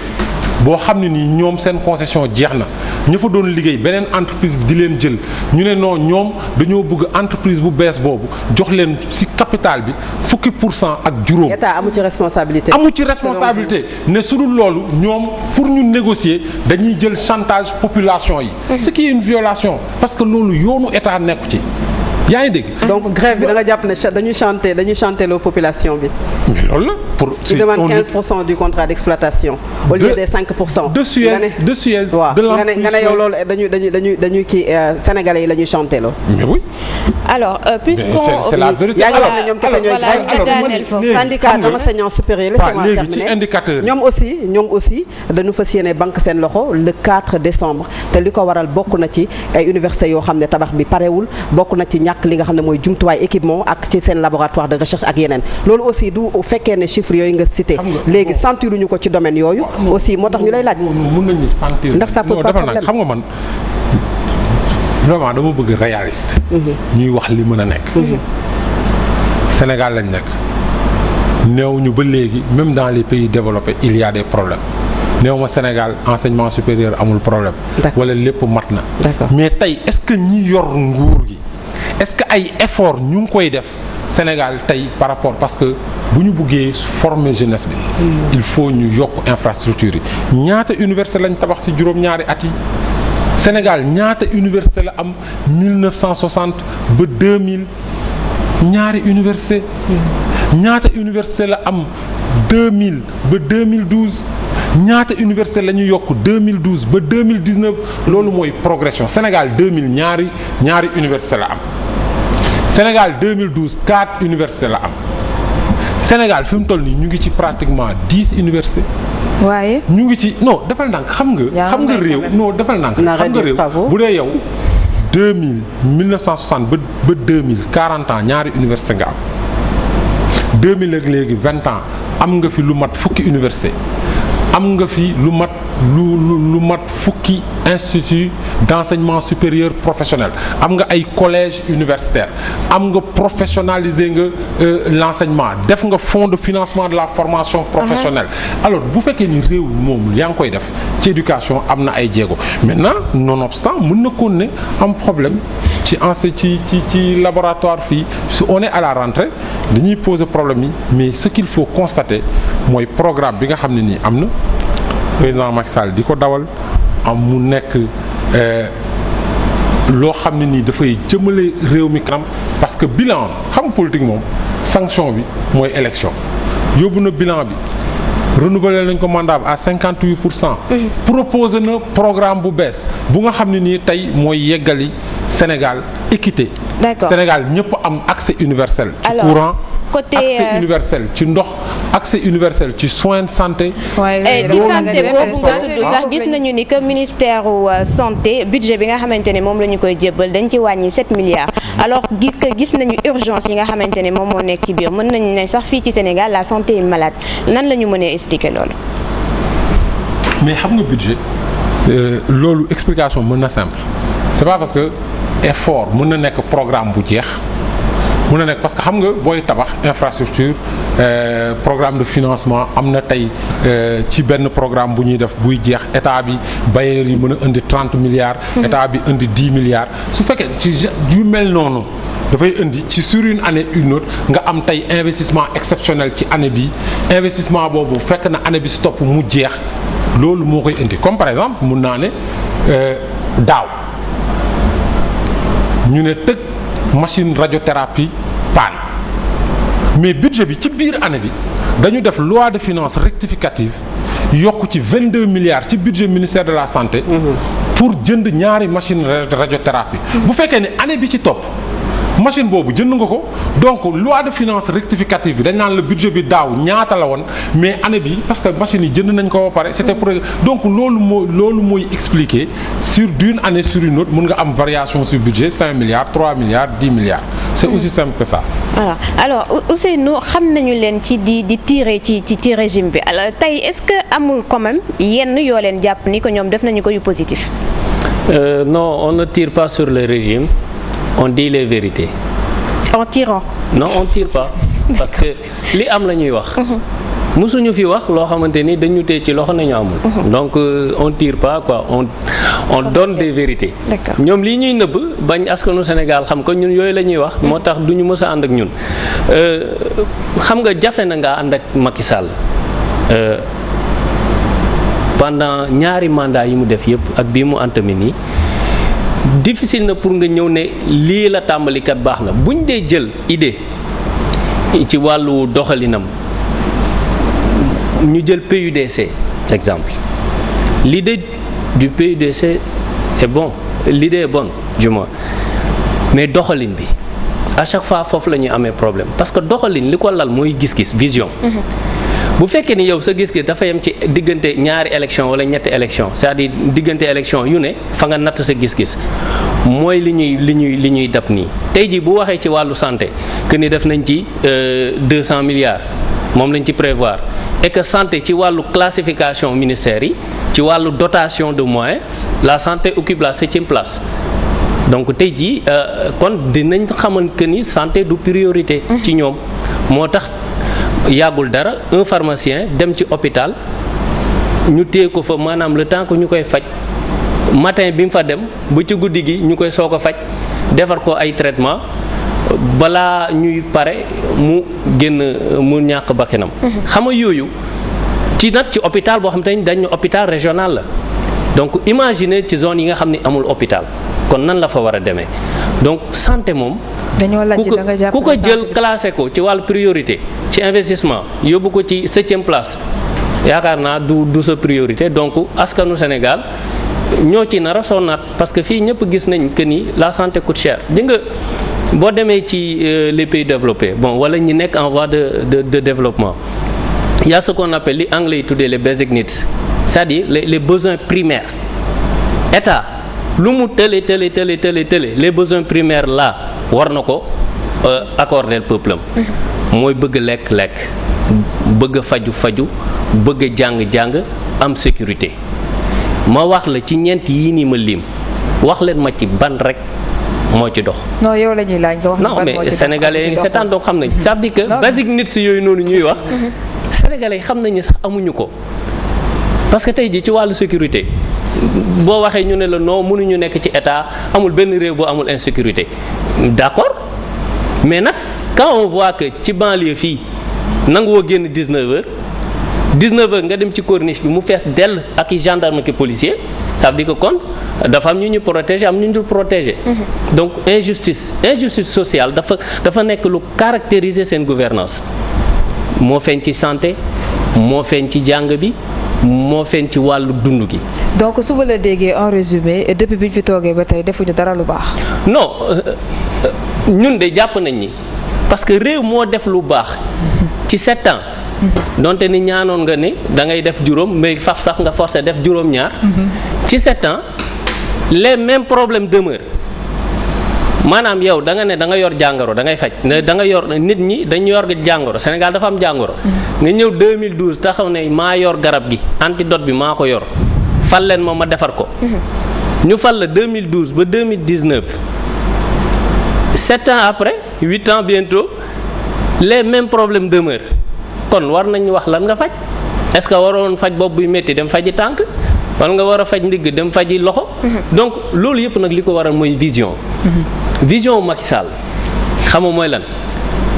boo xam ne nii ñoom seen concession jeex na ña fa doon liggéey beneen entreprise bi di leen jël ñu ne non ñoom dañoo bëgg entreprise bu bees boobu jox leen ci capital bi fukki pour cent ak juróom. état amu ci responsabilité. amu ci responsabilité ne su loolu ñoom pour ñu négocier dañuy jël chantage population yi. Mhm. ce qui une violation parce que loolu yoonu état nekku ci. yaa ngi dégg. donc grève bi da nga jàpp ne dañuy chanter dañuy chanter la population bi. mais loolu la pour. on demande du contrat d' exploitation. au lieu pour cent. de Suez de Suez. de l' nga ne nga ne yow loolu dañuy dañuy dañuy dañuy euh, yi la ñuy chanter la. mais oui. alors euh, puisqu'on c' est la vérité yaa ngi wax ne ñoom kese ñooy. alors alors syndicat d'enseignants supérieurs laissez-moi terminer indicateur ñoom aussi ñoom aussi dañu fas yéene banque seen loxo le 4 décembre te li ko waral bokk na ci ay université yoo xam ne tabax bi parewul bokk li nga xam ne mooy jumtuwaay équipement ak ci seen laboratoire de recherche ak yeneen loolu aussi du fekkee ne chiffres yooyu nga cité léegi sentiruñu ko ci domaine yooyu aussi moo tax ñu lay laaj mën nañu sentir ndax ça pose pas problème xam nga man dama bëgg réaliste mhm. ñuy wax li mën a nekk mhm. Sénégal lañ nekk néew ñu ba léegi même dans les pays développés il y a des problèmes néew ma Sénégal enseignement supérieur amul problème wala lépp mat na mais tey est-ce que ñi yor nguur gi est-ce que ay effort ñu ngi koy def Sénégal tey par rapport parce que bu ñu buggee former jeunesse bi. il faut ñu yokk infrastructure yi ñaata université lañ tabax ci juróom-ñaari at yi. Sénégal ñaata université la am 1960 ba 2000 ñaari université ñaata université la am 2000 ba 2012 ñaata université la ñu yokk 2012 ba 2019 loolu mooy progression Sénégal 2000 ñaari ñaari université la am. Sénégal 2012 4 universités la am Sénégal fi mu toll nii ñu ngi ci pratiquement 10 universités. waaye. ñu ngi ci no defal ndànk xam nga. xam nga réew non defal ndànk. xam nga réew bu dee yow. 2000 1960 ba ba 2000 40 ans ñaari université nga am 2000 léegi 20 ans am nga fi lu mat fukki université. am nga fi lu mat lu lu mat fukki institut d'enseignement supérieur professionnel am nga ay collège universitaire am nga professionnaliser nga euh, l'enseignement def nga fonds de financement de la formation professionnelle uh-huh. alors bu fekkee ni réew moom yaa ngi koy def ci éducation am na ay jéego maintenant nonobstant mën na koon ne am problème ci ense ci ci ci laboratoire fii si on est à la rentrée dañuy poser problème yi mais ce qu'il faut constater mooy programme bi nga xam ne nii am na président Macky Sall di ko dawal am mu nekk eh, loo xam ne nii dafay jëmale réew mi kanam parce que bilan xam politique moom sanction bi mooy élection yóbbu na bilan bi renouveler nañ ko mandat bi à cinquante huit pour cent. Mmh. proposé na programme bu bees bu nga xam ne nii tey mooy yeggali. Sénégal équité. d'accord Sénégal ñëpp am accès universel. ci courant côté accès euh, universel ci ndox accès universel ci soins de santé. waaye eh, ci santé boobu nga tudd sax gis nañu ni que ministère euh, santé budget bi nga xamante ne moom la ñu koy jébbal dañ ci wàññi 7 milliards. alors gis que gis nañu urgence yi nga xamante ne moom moo nekk ci biir mën nañu ne sax fii ci Sénégal la santé est malade nan la ñu mënee expliquer loolu. mais xam nga budget. Euh, loolu explication mën na simple effort mun na nekk programme bu jeex mun na nekk parce que xam nga booy tabax infrastructure euh, programme de financement am na tey euh, ci benn programme bu ñuy def buy jeex état bi bailleurs yi mën a indi trente milliards. état bi indi dix milliards. su fekkee ci yu mel noonu dafay indi ci sur une année une autre nga am tey investissement exceptionnel ci année bi investissement boobu fekk na année bi si topp mu jeex loolu moo koy indi comme par exemple mun naa ne euh, daaw. ñu ne tëg machine radiothérapie panne mais budget bi ci biir année bi dañu def loi de finances rectificative yokk ci 22 milliards ci budget ministère de la santé. Mhm. pour jënd ñaari machine radiothérapie. Mhm. bu fekkee ne année bi ci topp. machine boobu jënd nga ko donc loi de finance rectificative bi dañ naan la budget bi daaw ñaata la woon mais année bi parce que machine yi jënd nañ ko ba pare c'était pour donc loolu moo loolu mooy expliquer sur d'une année sur une mun nga am variation sur budget 5 milliards 3 milliards 10 milliards c'est aussi simple que ça. voilà xam nañu leen ci di di tiire ci ci ci régime bi alors tey est-ce que amul quand même yenn yoo leen jàpp ni ko ñoom def nañu ko yu positif. Euh, non on ne tire pas sur les on dit les vérités. en tirant. non on tire pas. parce que li am la ñuy wax. musuñu mhm. fi wax loo xamante ni dañu tee ci loxo nañu amul. Mhm. donc euh, on tire pas quoi on on donne okay. des vérités. ñoom lii ñuy nëbb bañ askanu Sénégal xam ko ñun yooyu lañuy wax moo tax du ñu mës a ànd ak ñun. Euh, xam nga jafe na ngaa ànd ak Macky Sall euh, pendant ñaari mandat yi mu def yëpp ak bii mu entamé nii. difficile na pour nga ñëw ne lii la tàmbalikat baax na buñ dee jël idée ci wàllu doxalinam ñu jël PUDC exemple l'idée du PUDC est bon l'idée est bonne du moins mais doxalin bi à chaque fois foofu la ñuy amee problème parce que doxalin li ko lal mooy gis-gis vision. mm bu fekkee ni yow sa gis-gis dafa yem ci diggante ñaari élection wala ñetti élection cest à diggante élection yu ne fa nga natt sa gis-gis mooy li ñuy li ñuy li ñuy dab nii tey jii bu waxee ci wàllu santé que ni def nañ ci 200 euh, milliards moom lañ ci prévoir et que santé ci wàllu classification ministère yi ci wàllu dotation de moyens la santé occupe la septième place donc tey jii euh, kon dinañ xamal que ni santé du priorité ci ñoom moo tax yàggul dara un pharmacien dem ci hôpital ñu téye ko fa maanaam le temps que ñu koy faj matin bi mu fa dem bu ci guddi gi ñu koy soog a faj defar ko ay traitement balaa ñuy pare mu génn mu ñàkk bakkanam mhm. xam nga yooyu ci nag ci hôpital boo xam te ni dañ ne hôpital régional la donc imaginer ci zone yi nga xam ni amul hôpital kon nan la fa war a demee donc santé moom. dañoo laaj da nga ku ko jël classé ko ci wàllu priorité ci investissement yóbbu ko ci septième place yaakaar naa du du sa priorité donc askanu Sénégal ñoo ci nar a sonnaat parce que fii ñëpp gis nañ que ni la santé coûte cher di nga boo demee ci euh, les pays développés bon wala ñi nekk en voie de de de développement yaa a ce qu'on li anglais yi tuddee le basic needs c'est-à-dire les les besoins primaires état. lu mu tële tële tële tële tële les besoins primaires là war na ko euh, accorder peuple mhm. mooy bëgg lekk lekk bëgg faju faju bëgg jàng jàng am sécurité ma wax la ci ñeent yii nii ma liim wax leen ma ci ban rek moo ci dox. non yow la ñuy laaj nga wax. non mais sénégalais xam nañ. Mhm. ça veut dire que basique nit si yooyu noonu ñuy wax. Mhm. sénégalais yi xam nañ ne sax amuñu ko parce que tey jii ci wàllu sécurité. boo waxee ñu ne la non mënuñu nekk ci état amul benn réew boo amul insécurité d'accord mais nag quand on voit que ci banlieue fii nanguwoo génn 19h 19h nga dem ci corniche bi mu fees dell ak i gendarme ki policier ça veut dire que dafa am ñu ñu protéger am ñu dul protéger. Mhm. donc injustice injustice sociale dafa dafa nekk lu caractériser seen gouvernance moo feeñ ci santé moo feeñ ci jàng bi. moo feeñ ci wàllu dund gi. donc su ma la déggee en résumé depuis bi ñu fi toogee ba tey defuñu dara lu baax. non euh, euh, ñun de jàpp nañ ni parce que réew moo def lu baax ci sept donte ni ñaanoon nga ni da ngay def juróom mais faf sax nga forcé def juróom-ñaar. Mhm. ci sept ans les mêmes problèmes maanaam yow da nga ne da nga yor jàngoro dangay faj ne da yor nit ñi dañ yor jàngoro Sénégal dafa am jàngoro. Mm-hmm. nga ñëw 2012 taxaw ne maa yor garab gi antidote bi maa ko yor fal leen ma ma defar ko. Mm-hmm. ñu fal la 2012 ba 2019 sept ans après huit ans bientôt les mêmes problèmes demeurent kon war nañu wax lan nga faj est-ce que waroon faj bopp buy métti dem faji tànk. wala nga war a faj ndigg dem faji loxo. Mhm. donc loolu yëpp nag li ko waral mooy vision. Mhm. vision Macky Sall xam nga mooy lan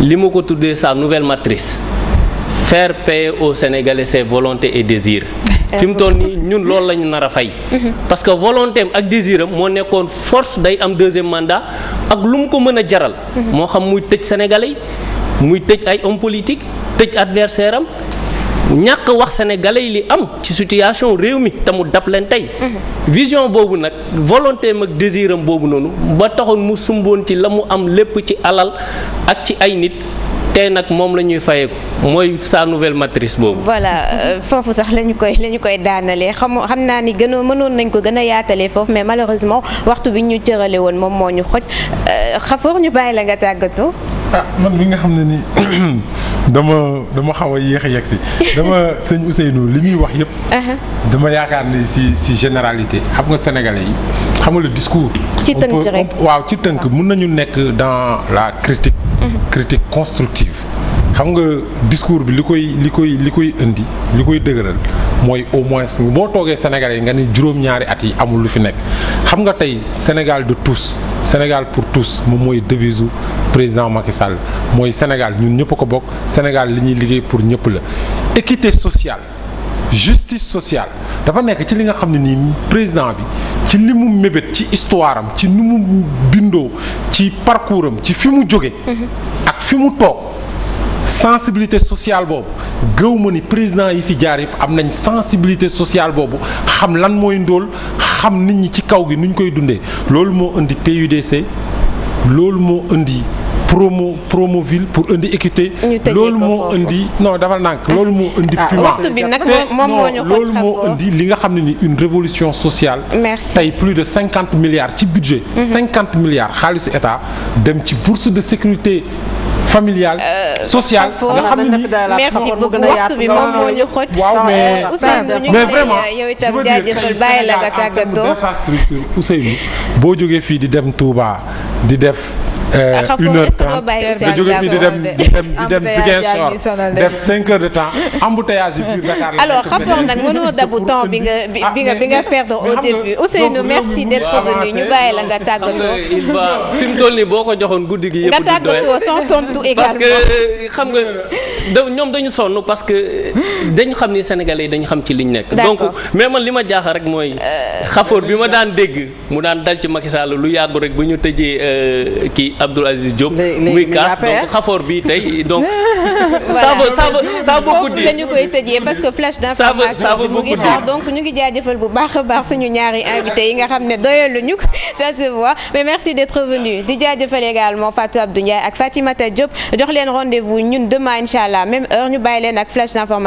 li ma ko tuddee sa nouvelle matrice fair payer aux Sénégalais ses volontés et désirs. fi mu nii ñun loolu la ñu nar a fay. Mhm. parce que volonté am ak désir am moo nekkoon force day am deuxième mandat ak lu mu ko mën a jaral. moo xam muy tëj sénégalais muy tëj ay hommes politiques tëj adversaire am. ñàkk wax sénégalais yi li am ci situation réew mi te dab leen tey. Mhm. vision boobu nag volonté mag désir am boobu noonu ba taxoon mu sumboon ci la mu am lépp ci alal ak ci ay nit. tey nag moom la ñuy fayeeku mooy sa nouvelle matrice boobu. voilà euh, foofu sax lañu koy la ñu koy daanalee xam xam naa ni gënoon mënoon nañ ko gën a yaatalee foofu mais malheureusement waxtu bi ñu cërale woon moom moo ñu xoj xafoor euh, ñu bàyyi la nga tàggatoo. ah man mi nga xam ne ni dama dama xaw a yéex a yegg si dama sëñ Ousseynou li muy wax yëpp. Uh-huh. dama yaakaar ni si si généralité xam nga sénégalais yi xam nga le discours. ci tënk waaw ci tënk mun nañu nekk dans la critique. Uh-huh. critique constructive. xam nga discours bi li koy li koy li koy indi li koy dëgëral mooy au moins boo toogee Sénégalais yi nga ni juróom-ñaari at yi amul lu fi nekk xam nga tey Sénégal de tous. Sénégal pour tous moom mooy devise président Macky Sall mooy Sénégal ñun ñëpp ko bokk Sénégal li ñuy liggéey pour ñëpp la équité sociale justice social dafa nekk ci li nga xam ne nii président bi ci li mu mébét ci histoire am ci ni mu bindoo ci parcours am ci fi mu jóge mm-hmm. ak fi mu toog sensibilité sociale boobu gëw ma ni président yi fi jaar yëpp am nañ sensibilité sociale boobu xam lan mooy ndóol xam nit ñi ci kaw gi nu koy dundee loolu moo indi PUDC loolu moo indi promo promoville pour indi équité. loolu moo indi non defal nànk loolu moo indi. Ah, puma te loolu moo indi li nga xam ne ni une révolution sociale. tey plus de cinquante milliards ci budget. Mhm. cinquante milliards xaalisu état dem ci bourse de sécurité. familiale euh, sociale nga xam ne merci beaucoup waxtu bi moom moo ñu xoj. waaw mais euh, mais vraiment yow itam jaajëfal bàyyi la nga tàggatoo. infrastructure Ousseynou boo jógee fii di dem Touba di def. Euh, ah, une heure trente nga jóge fii di dem di dem de temps embouteillage yi nag mënoo dabu temps bi nga ah, bi nga bi nga perdre au début Ousseynou merci d'être venu ñu bàyyi la nga tàggatoo. fi mu toll nii boo ko joxoon guddi gi yëpp. nga tàggatoo sans euh, xam nga da ñoom dañu sonn parce que euh, dañu xam ni Sénégalais dañu xam ci liñ nekk. donc mais man li ma jaaxal rek mooy. xafoor bi ma daan dégg mu daan dal ci Macky Sall lu yàggu rek bu ñu tëjee ki Abdoul Aziz Diop. muy kaas donc xafoor bi tey donc. voilà foofu la ñu koy tëjee parce que flash d'information bi mu ngi xaar donc ñu ngi jaajëfal bu baax a baax suñu ñaari invité yi nga xam ne doyaluñu ko ça se voit mais merci d'être venu di jaajëfal également Fatou Abdou Ndiaye ak Fatimata Diop jox leen rendez-vous ñun demain incha allah même heure ñu bàyyi leen ak flash d'information.